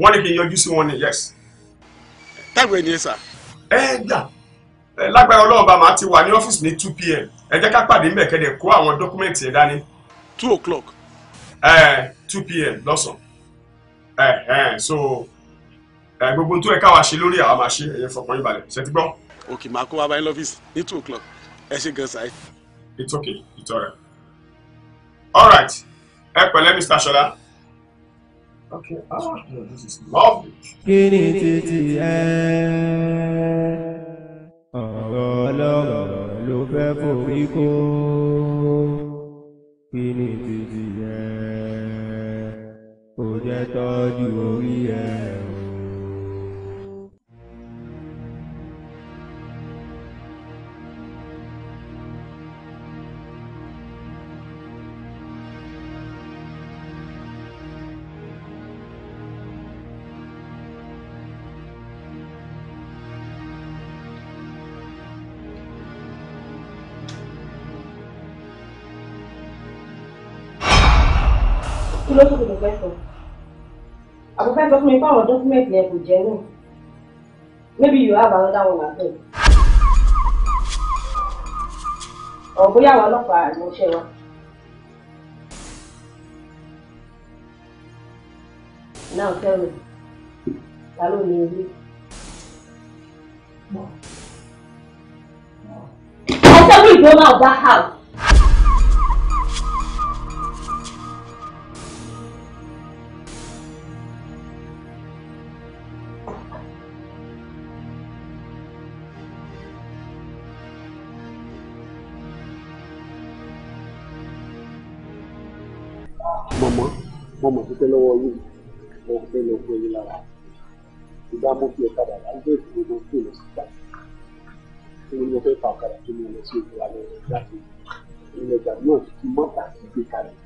wọ́n ní kí n yọjú sí wọn ni yes. táwọn ènìyàn sà. ẹ gbà. Eh, lágbára ọlọ́run bá máa ti wà ní ọ́fíìsì ní two pm ẹ jẹ́ ká pàdé mẹ́kẹ́dẹ̀ kó àwọn dọ́kúmẹ́ǹtì ẹ̀ dání. two o'clock. ẹ eh, two pm lọ́sàn-án eh. ẹ eh, so ẹ gbogbo tó ẹ káwa ṣe lórí àwa máa ṣe ẹyẹ fọkàn yín balẹ̀ ṣe ti gbọ́. òkè máa kó wa bá yín lọ́fíìsì ní two o'clock ẹ ṣe gan sáì. it's okay it's alright right. ẹ pẹ̀lẹ́ mr ṣọlá. okay ah this is lovely. kí ni títí ẹ ọ̀rọ̀ ọlọ́rọ̀ ló fẹ́ forí kó kí ni títí ẹ kò jẹ́ tọ́jú orí ẹ. kí ló tún kò fẹ́ sọ àbúfẹ́ sọ fún mi fáwọn dọ́kúmẹ̀tì yẹn kò jẹ́ náà maybe you have another one at home ọ̀ bóyá àwọn ọlọ́pàá àgbọ̀ṣẹ́ wa. Now tell me, ta ló ní ilé? I tell you go out of that house. mo mọ̀ pípẹ́ lọ́wọ́ yìí mo fẹ́ lọ fún yín lára ìgbà mo fi ọ̀kadà wá gbé ìgbìmọ̀ tó lọ síta tí mo fẹ́ fa ọ̀kadà tó lọ sí òkú alẹ́ láti ilẹ̀ ìgbà náà ti mọ́ta sí gbé kalẹ̀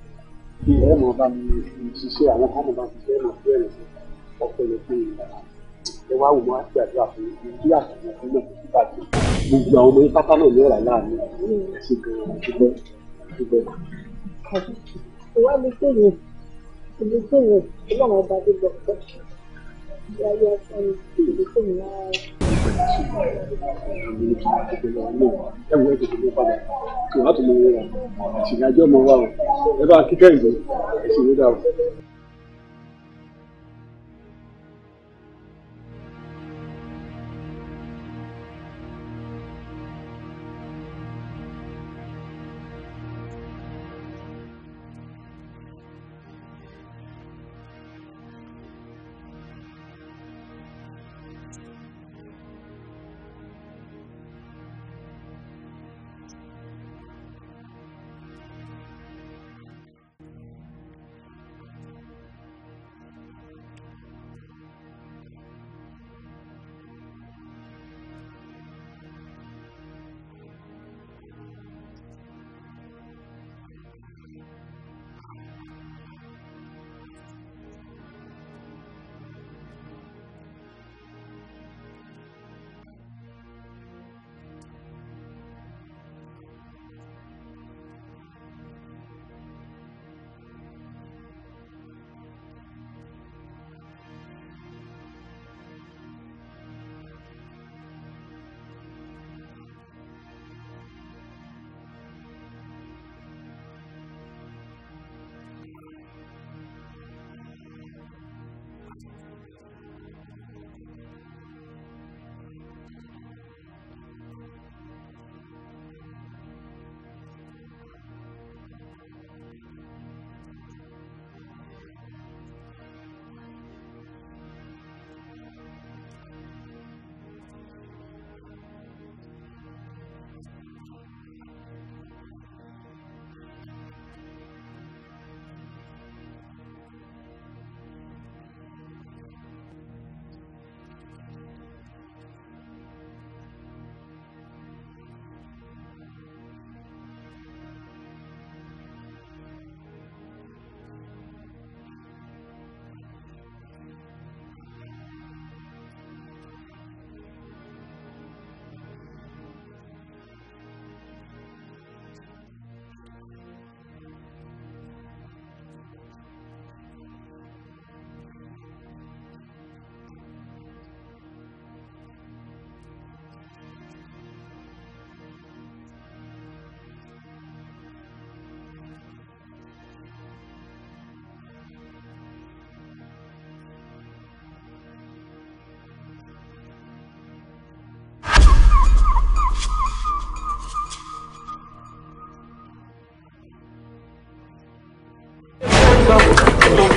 bí ẹ mọ̀ bá mi ṣiṣẹ́ àwọn kan mọ̀ bá mi ṣiṣẹ́ mọ̀ bẹ́ẹ̀rẹ̀ ọ̀pẹ lọ fún yín lára ẹ wá wò wọn á ti àdúrà fún yín bí àtàwọn fún náà ti bá ti gbogbo àwọn ọmọ yín pátá náà ní ọ̀rà láàánú ẹ ṣe gan-an dúpẹ́ dúpẹ́. ìwádìí kéde ibi tí mi ọlọ́run ọba tó gbọ́ pẹ́ yáyá fún mi sí ibi tí mi máa. ẹ̀wọ̀n ìdìbò ló padà kí wàá tún mọ wọn wà ẹ̀sìn ìdájọ́ mọ wà o ẹ bá kíkẹ́ ìlú ẹ̀sìn ìdá o.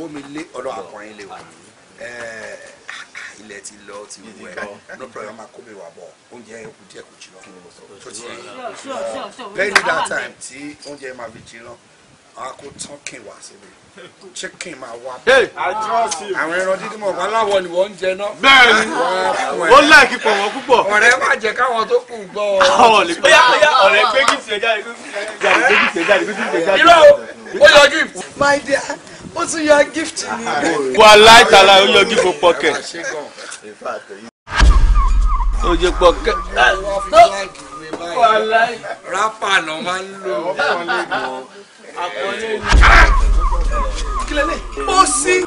ìyàwó mi lé ọlọ́ àkọrin lé wa eh, ilẹ̀ ti lọ ti wù ẹ́ no problem máa kó mi wà bọ̀ oúnjẹ kù díẹ̀ kù jìnnà tó ti lẹ́yìn that time tí oúnjẹ máa fi jìnnà àwọn kò tán kí n wá síbi chicken máa wá bẹ́ẹ̀ àwọn ẹran dídí mọ̀ wá láwọ̀ ni wọ́n ń jẹ náà. bẹ́ẹ̀ ni wọ́n láìkí pọ̀ wọ́n púpọ̀. ọ̀rẹ́ má jẹ́ káwọn tó kù gbọ́ ọ. ọ̀ lè bóyá bóyá ọ̀rẹ́ gbégìsì ẹ̀jáde gbégìsì ẹ̀jáde gbégìsì ẹ̀jáde. irọ́ o yọjú ìfún. my dear ó tún yọ gift ni. wà láìtàlá ó yọ gift pọkẹ. ó jẹ pọkẹ. rápà náà máa ń lò ó sí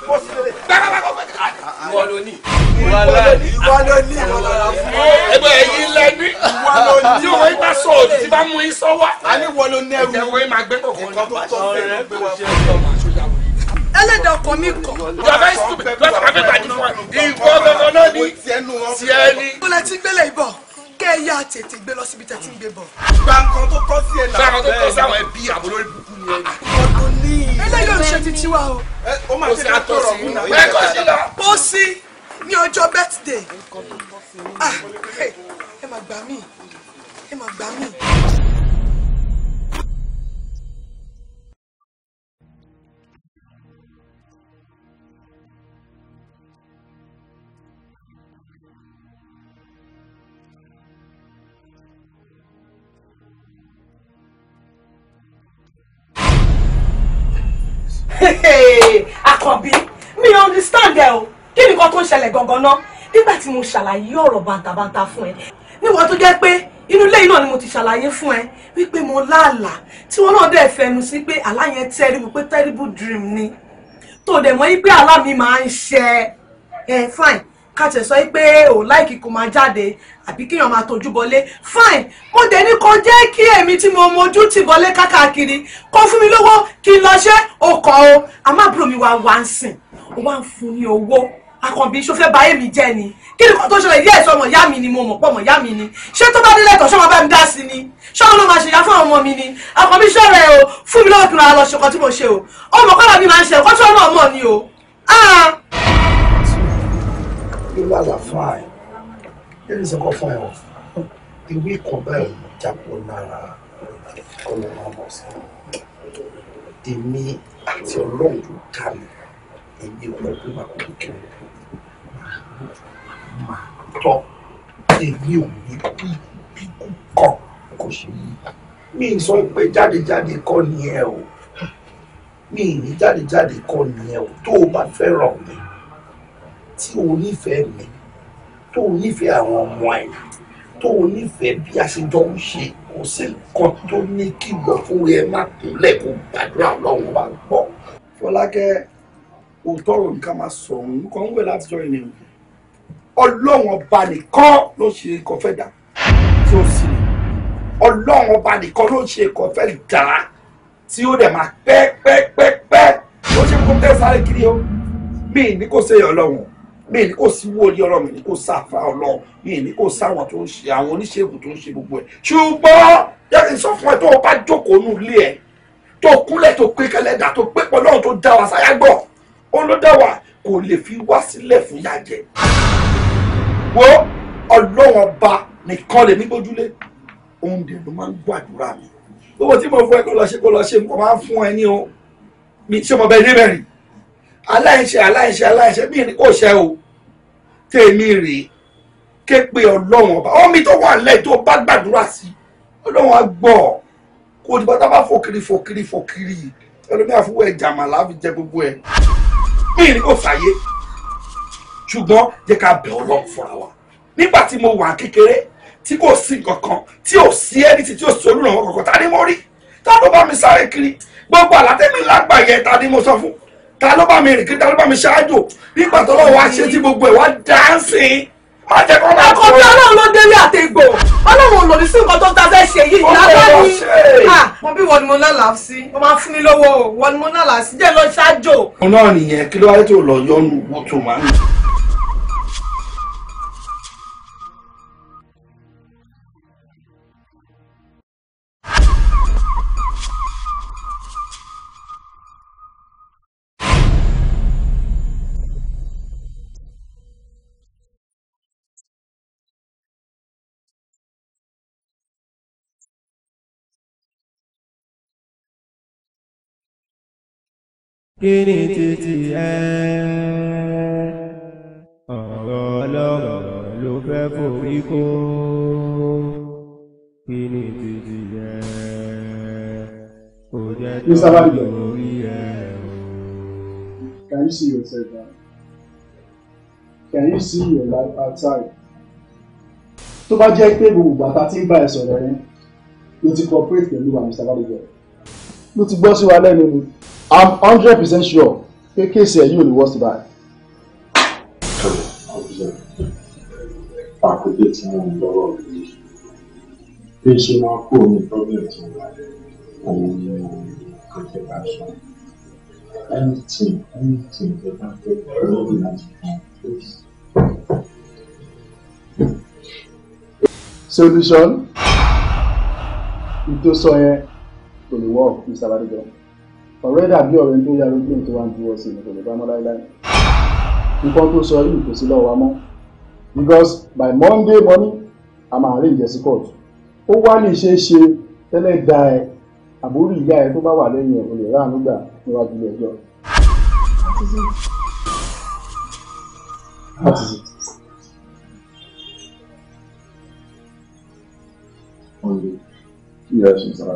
ìwọ ló ní ìwọ ló ní ẹgbẹ́ ẹ̀yin lẹ́ni ìwọ ló ní tí wọ́n bá sọ òdì tí bá mú yín sọ wá. a ní wọ́n ló ní ẹrú ìwọ yín máa gbé kọ̀ọ̀kan lọ́wọ́ ẹlẹ́dàá ọkọ mi kọ. bàbá ìsúkú bàbá bàbá ìbàdí fún wa ìwọ gbọgbọ náà ni tiẹ̀ ni. mo lè ti gbélé ìbọn kẹ́ ẹ yá tètè gbé lọ síbi tẹ̀tí gbé bọ̀. gbàǹkan tó tọ́ sí ẹ̀ náà. gbàǹkan tó tọ́ sí àwọn ẹbí àbólórí bùkún ni ẹni. ọdún ní. eléyìí ò ṣe ti tiwa o. ó máa ṣe àtọ̀ sí i. ẹ kò sí lọ. bó sí ní ọjọ́ bẹ́tìdè. Ah, ẹ máa gbà mí ẹ máa gbà mí. àkànbí mi ò understand ẹ o kí nìkan tó ń ṣẹlẹ̀ gangan náà nígbà tí mo ṣàlàyé ọ̀rọ̀ bàǹtàbàǹtà fún ẹ níwọ̀n tó jẹ́ pé inú ilé yìí náà ni mo ti ṣàlàyé fún ẹ wípé mo láàlà tí wọn náà dẹ̀ fẹnu sí pé àlá yẹn terrible pé terrible dream ni tó dẹ̀ mọ́ yí pé àlá mi máa ń ṣe ẹ fine kàtẹ sọ pé ò láìkì kò máa jáde àbí kéèyàn máa tọ́jú bọlé fine mo dẹ̀ ní kó jẹ́ kí èmi tí mo mojú ti bọlé kákàkiri kó fún mi lówó kí n lọ ṣe ọkọ̀ o àmọ́ àbúrò mi wá wá ń sìn ó wá ń fún ní owó akànbí ṣọfẹ́ bá èmi jẹ́ ni kí ni kò tó ṣẹlẹ̀ yẹ́ ẹ̀sọ́ ọmọ ìyá mi ni mo mọ̀ pọ̀ ọmọ ìyá mi ni ṣé tó bá délé ẹ̀tọ́ ṣọ́mọ bá mi dá sí ni ṣọ́mọ ló máa ṣe fún ọmọ mi ni akànbí ṣọ́rẹ́ o fún mi lọ́wọ́ kí n lọ ṣe ọkọ̀ tí mo ṣe o ọmọ kọ́lá mi máa ń ṣe ọkọ̀ tí ọmọ ọmọ ni o. Ah! You guys are fine. There is a good fine off. The week combined with Japo Nara, Kọ́lọ́ Ramos. Èmi àti Ọlọ́run ló ká mi. Èmi ò mọ̀ pé màá kó kékeré. Màá tọ́. Èmi ò ní bí bíkú kọ̀ kò ṣe yí. Mi sọ pé jáde-jáde ni ẹ o. Mi ní jáde-jáde kọ́ ni ẹ o. Tó o bá fẹ́ràn mi tí o nífẹ̀ẹ́ mi tó o nífẹ̀ẹ́ àwọn ọmọ ẹ̀ tó o nífẹ̀ẹ́ bí a ṣe jọ ń ṣe kò sí nǹkan tó ní kí lọ fún ẹ má kúnlẹ̀ kó gbàdúrà ọlọ́run wa gbọ́. fọlákẹ́ òótọ́ ọ̀rọ̀ nǹkan máa sọ òun nǹkan ń wẹ̀ láti jọ ìnìyàn ọlọ́run ọba nìkan ló ṣe nǹkan fẹ́ dà tí ó sì ọlọ́run ọba nìkan ló ṣe nǹkan fẹ́ dà tí ó dẹ̀ máa pẹ́ pẹ́ pẹ́ pẹ́ ló ṣe kó tẹ́ sáré kiri o mí ní kó ṣe ọlọ́run mi ní kò sí wòlíì ọlọ́run mi ní kò sáfà ọlọ́run mi ní kò sáwọn tó ń ṣe àwọn oníṣègùn tó ń ṣe gbogbo ẹ̀ ṣùgbọ́n yẹ kí n sọ fún ẹ tó o bá jókòó nù ilé ẹ tó kúnlẹ̀ tó pé kẹlẹ́dà tó pé pọ̀ lọ́run tó dá wa sáyà gbọ́ òun ló dá wa kò lè fi wá sílẹ̀ fún yàjẹ́ wo ọlọ́run ọba nìkan lè mí gbójúlé òun dẹ̀ ló máa ń gbàdúrà mi gbogbo tí mo fún ẹ kó lọ ṣe kó lọ ṣe mo máa ń fún ẹ ní o mi ṣé mo bẹ ní bẹ̀rẹ̀ aláìṣẹ̀ aláìṣẹ̀ aláìṣẹ̀ bí ẹni kò ṣẹ o tèmi rèé ké pe ọlọ́run ọba omi tó wà nílẹ̀ tó bá gbàdúrà sí ọlọ́run á gbọ́ kó o dìbò tá a bá fòkiri fòkiri fòkiri ẹlòmíà fún ẹ jàmàlà á fi jẹ gbogbo ẹ mí ní kò fàyè ṣùgbọ́n jẹ́ ká bẹ̀ ọlọ́run fúnra wa nígbà tí mo wà kékeré tí kò sí kankan tí ò sí ẹnìtì tí ò sí olùrànwọ́ kankan ta ni mo rí tá ló bá mi sáré kiri gbogbo àlàtẹ́mi lágbàáyé ta ni mo sọ fún ta ló bá mi rìn kí ta ló bá mi ṣáájú nígbà tó lọ́wọ́ wá ṣe tí gbogbo ẹ̀ wá dáńsì má jẹ́ kó máa tó. àkọ́bí ọlọ́run ló délé àtẹ̀gbò ọlọ́run ò lòdì sí nǹkan tó ta fẹ́ ṣe yìí lábẹ́ ni mo bí wọn ni mo lálàá sí mo máa fún mi lọ́wọ́ wọn ni mo lálàá sí jẹ́ lọ ṣáájú. òun náà nìyẹn kí ló wáyé tó lọ yọnu wọ́n máa ń jù. kí ni títí ẹ ọ̀rọ̀ ọlọ́rọ̀ ló fẹ́ forí kó kí títí ẹ kò jẹ́ tó lórí ẹ Can you see yourself now? Can you see your life outside? tó bá jẹ́ pé gbogbo bàtà tí ń bá ẹ sọ̀rọ̀ yẹn ló ti cooperate pẹ̀lú wa Mr. Balogun ló ti gbọ́ sí wa lẹ́nu ni i'm hundred percent sure pé kéèsì ẹ̀ yóò ní wọ́ọ̀sì solution ìtòsọ soye to the work Mr. Badigan ọ̀rẹ́ dàbí ọ̀rẹ́ tó yá lójú tó wá ń juwọ́ sí ìkòlè bá mọ́ láéláé nǹkan tó sọ yìí kò sí lọ́wọ́ wa mọ́ because by Monday morning a máa rí ìjẹ́sí court ó wá lè ṣeé ṣe tẹ́lẹ̀ da ẹ àbórí ìyá ẹ tó bá wà lẹ́yìn ẹ̀ olè ráàánú gbà níwájú ilé ẹjọ́. That is it. Monday, kí ẹ ṣe sára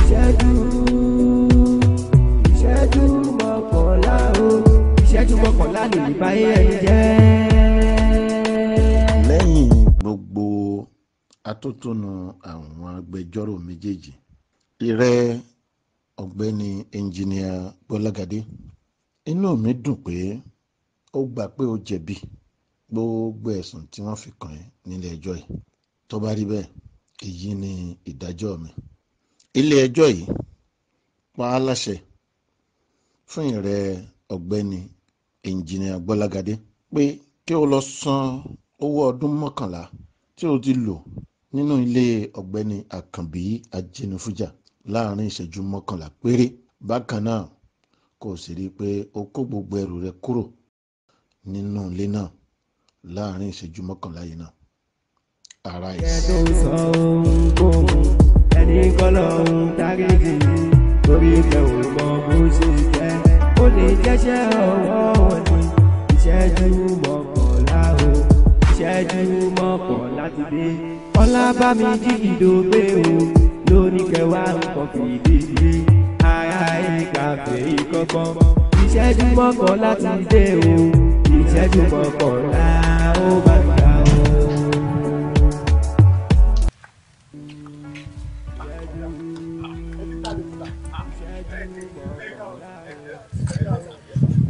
ìṣẹ́jú ìṣẹ́jú mọ́kànlá o ìṣẹ́jú mọ́kànlá lè bá ẹni jẹ́. lẹ́yìn gbogbo atótónu àwọn agbẹjọ́rò méjèèjì ìrẹ́ ọ̀gbẹ́ni ẹnjìníà gbọ́lágadé inú mi dùn pé ó gbà pé ó jẹ̀bi gbogbo ẹ̀sùn tí wọ́n fi kàn ẹ́ nílé ẹjọ́ yìí tó bá rí bẹ́ẹ̀ èyí ni ìdájọ́ mi ilé ẹjọ́ yìí pa á láṣẹ fún ìrẹ́ ọ̀gbẹ́ni ẹnjìnìà Gbọ́lágadé pé kí o lọ san owó ọdún mọ́kànlá tí o ti lò nínú ilé ọ̀gbẹ́ni Àkànbí Ajénifújà láàrin ìṣẹ́jú mọ́kànlá péré bákan náà kò sì rí i pé o kó gbogbo ẹrù rẹ kúrò nínú ilé náà láàrin ìṣẹ́jú mọ́kànlá yìí náà arise. ẹ tó sọ ohun kóhun ẹni kọ́lọ̀ ohun dáríjì torí pé ò mọ bó ṣe jẹ́ ó lè jẹ́ṣẹ́ ọwọ́ òní ìṣẹ́jú mọ́kànlá o ìṣẹ́jú mọ́kànlá ti dé ọlábàmíjì ìdògbé o lórí kẹwàá nǹkan fìdíje ara ìkàfé ìkọ̀kọ̀ ìṣẹ́jú mọ́kànlá ti dé o ìṣẹ́jú mọ́kànlá o.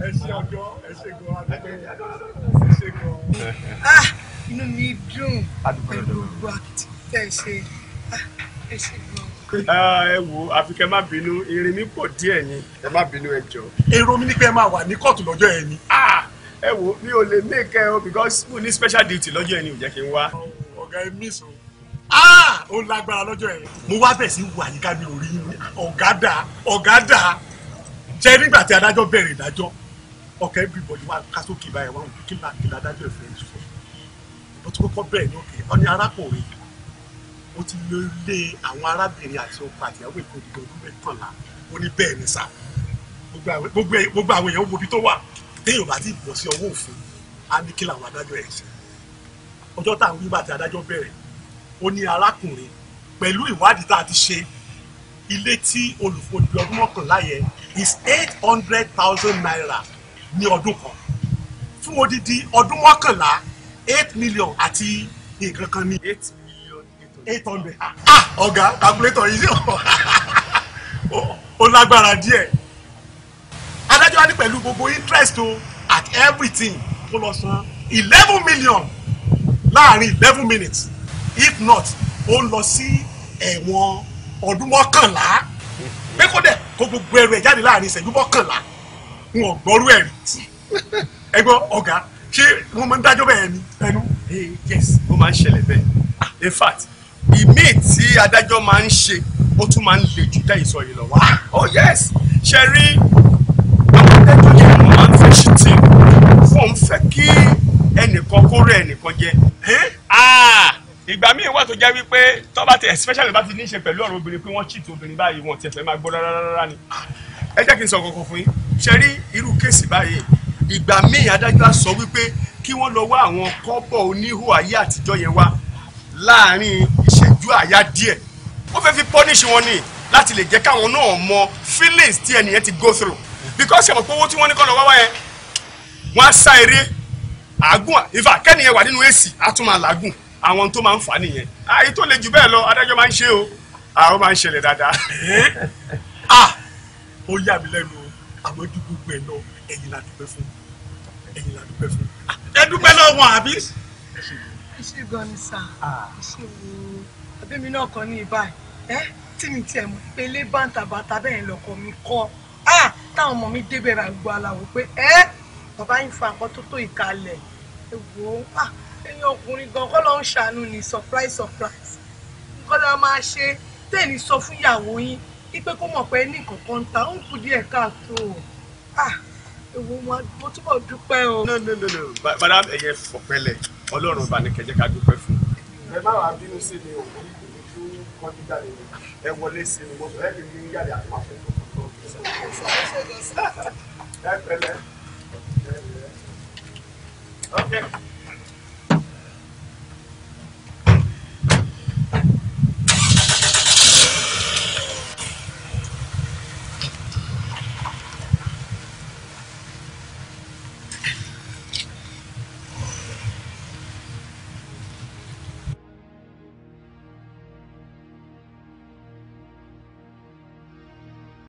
ẹ ṣe ọjọ́ ẹ ṣe gan adúgbò ẹ ṣe gan. inú mi dùn pẹ̀lú gbogbo akitiyan tẹ̀ ṣe ẹ ṣe gan ẹ wo àfi kẹ má bínú irin mi pọ̀ díẹ̀ ni ẹ má bínú ẹ jọ. èrò mi ni pé ẹ máa wà ní kóòtù lọ́jọ́ yẹn ni. Ah, ẹ wo mi ò lè make ẹ o because mo ní special duty lọ́jọ́ yẹn ni ò jẹ́ kí n wá. ọ̀gá ẹ miss o ah, ó lágbára lọ́jọ́ yẹn. mo wá bẹ̀ sí wà yíká mi ò rí ọ̀gá dà ọ̀gá dà jẹ́ nígbà tí adájọ́ bẹ̀rẹ̀ ìdájọ́ ọkàn everybody wà ká sókè báyìí wà wọ́n kílà kílà adájọ́ ìfẹ́ yìí fún ìbọn tó kọ́kọ́ bẹ̀rẹ̀ ní òkè ọ̀ni arákùnrin ó ti lọ ilé àwọn arábìnrin àti ọkọ àtìyàwó èkó ìdìbò ọdún mẹ́tànlá ó ní bẹ́ẹ̀ ni sá gbogbo àwọn èèyàn wo ibi tó wà téèyàn bá ti bọ̀ sí ọwọ́ òfin á ní kílà àwọn adájọ́ ẹ̀ ṣe ọjọ́ tá à ń wí bàtí adájọ́ bẹ̀rẹ̀ ó ní arákùnrin pẹ̀lú ìwádìí tá a ti ṣe ilé tí olùfòdì ọdún mọ́kànlá yẹn is eight hundred thousand naira ní ọdún kan fún odidi ọdún mọ́kànlá eight million àti nǹkan kan ní. eight million eight hundred. Ah, ah ọ̀gá calculator yìí <laughs> ó lágbára díẹ̀ adájọ́ wa ní pẹ̀lú gbogbo interest o at everything kó lọ san eleven million láàrin eleven minutes if not ó ń lọ sí ẹ̀wọ̀n ọdún mọ́kànlá pé kó dẹ̀ kó gbogbo ẹrù ẹ̀ jáde láàrin ìṣẹ́jú mọ́kànlá n ò gbọ́rú ẹ̀ ẹ gbọ́ ọ̀gá ṣé wọ́n máa ń dájọ́ bẹ́ẹ̀ ni ẹnu. Eh, yes ó máa ń ṣẹlẹ̀ bẹ́ẹ̀ in fact ìmí tí adájọ́ máa ń ṣe ó tún máa ń le jù dá ìsọ yìí lọ wá. oh yes ṣe rí àwọn adájọ́ yẹn wọ́n máa ń fẹ́ ṣì tì wọ́n ń fẹ́ kí ẹnìkan kórè ẹnìkan jẹ. Eh? Ah, ìgbà míì wà tó jẹ́ wípé tọ́ba ti especially bá ti ní í ṣe pẹ̀lú ọ̀rọ̀ obìnrin pé wọ́n cheat obìnrin báyìí wọn ò tiẹ̀ máa gbọ́ rárá rárá ni ẹ jẹ́ kí n sọ kankan fún yín ṣe rí irú kéèsì báyìí ìgbà míì adájọ́ á sọ wípé kí wọ́n lọ wá àwọn kọ́bọ̀ oníhò ayé àtijọ́ yẹn wá láàrin ìṣẹ́jú àyá díẹ̀ ó fẹ́ fi pọ́níṣì wọn ni láti lè jẹ́ káwọn náà mọ feelings tí ẹnìyẹn ti go through because ẹ̀mọ̀ pé owó tí wọ́n ní kọ́ lọ wá wá yẹn wọ́n á sá eré àágùn ìfà kẹ́nìyẹn wà nínú èsì á tún máa làágùn àwọn tó máa ń fà nìyẹn àyè ah, tó le jù bẹ́ẹ̀ lọ adájọ́ máa ń ṣe o àwọn ah, máa ń ṣẹlẹ̀ dáadáa. <laughs> Ah, ó yà mí lẹ́nu o àmọ́ ju gbogbo ẹ̀ lọ ẹ̀yin la dúpẹ́ fún ẹ̀yin la dúpẹ́ fún ẹ dúpẹ́ lọ́wọ́ àbí. ẹ ṣe gan ni sà ah. ẹ ṣe wo abẹ́mi náà kọ́ ní ibà ẹ tí mi tiẹ̀ mọ̀ pé ilé bàǹtàbàǹtà bẹ́ẹ̀ lọ́kọ̀ mi kọ́ ah! táwọn ọmọ mi débẹ̀ rà gbọ́ aláwọ̀ pé ẹ bàbá yìí fa nǹkan tó ẹ wò ó ah! ẹ̀yin ọkùnrin gan kọ́ ló ń ṣàánú ni surprise surprise nǹkan ló máa ṣe tẹ́ẹ̀ ní sọ fún ìyàwó yín ipe kó mọ̀ pé ní kankan ta ó kù díẹ̀ káàtó ah, ewu mo túbọ̀ dúpẹ́ o. no no no no madam ẹyẹ fọpẹlẹ Ọlọ́run ọba ni kẹjẹ ká dúpẹ́ fún. ẹ má wàá bínú sí mi o kọjú jáde ni ẹ wọlé sí mi wọ́n ẹ kìí ní jáde àti máa fẹ́ tó tó ẹ pẹ̀lẹ́. Okay.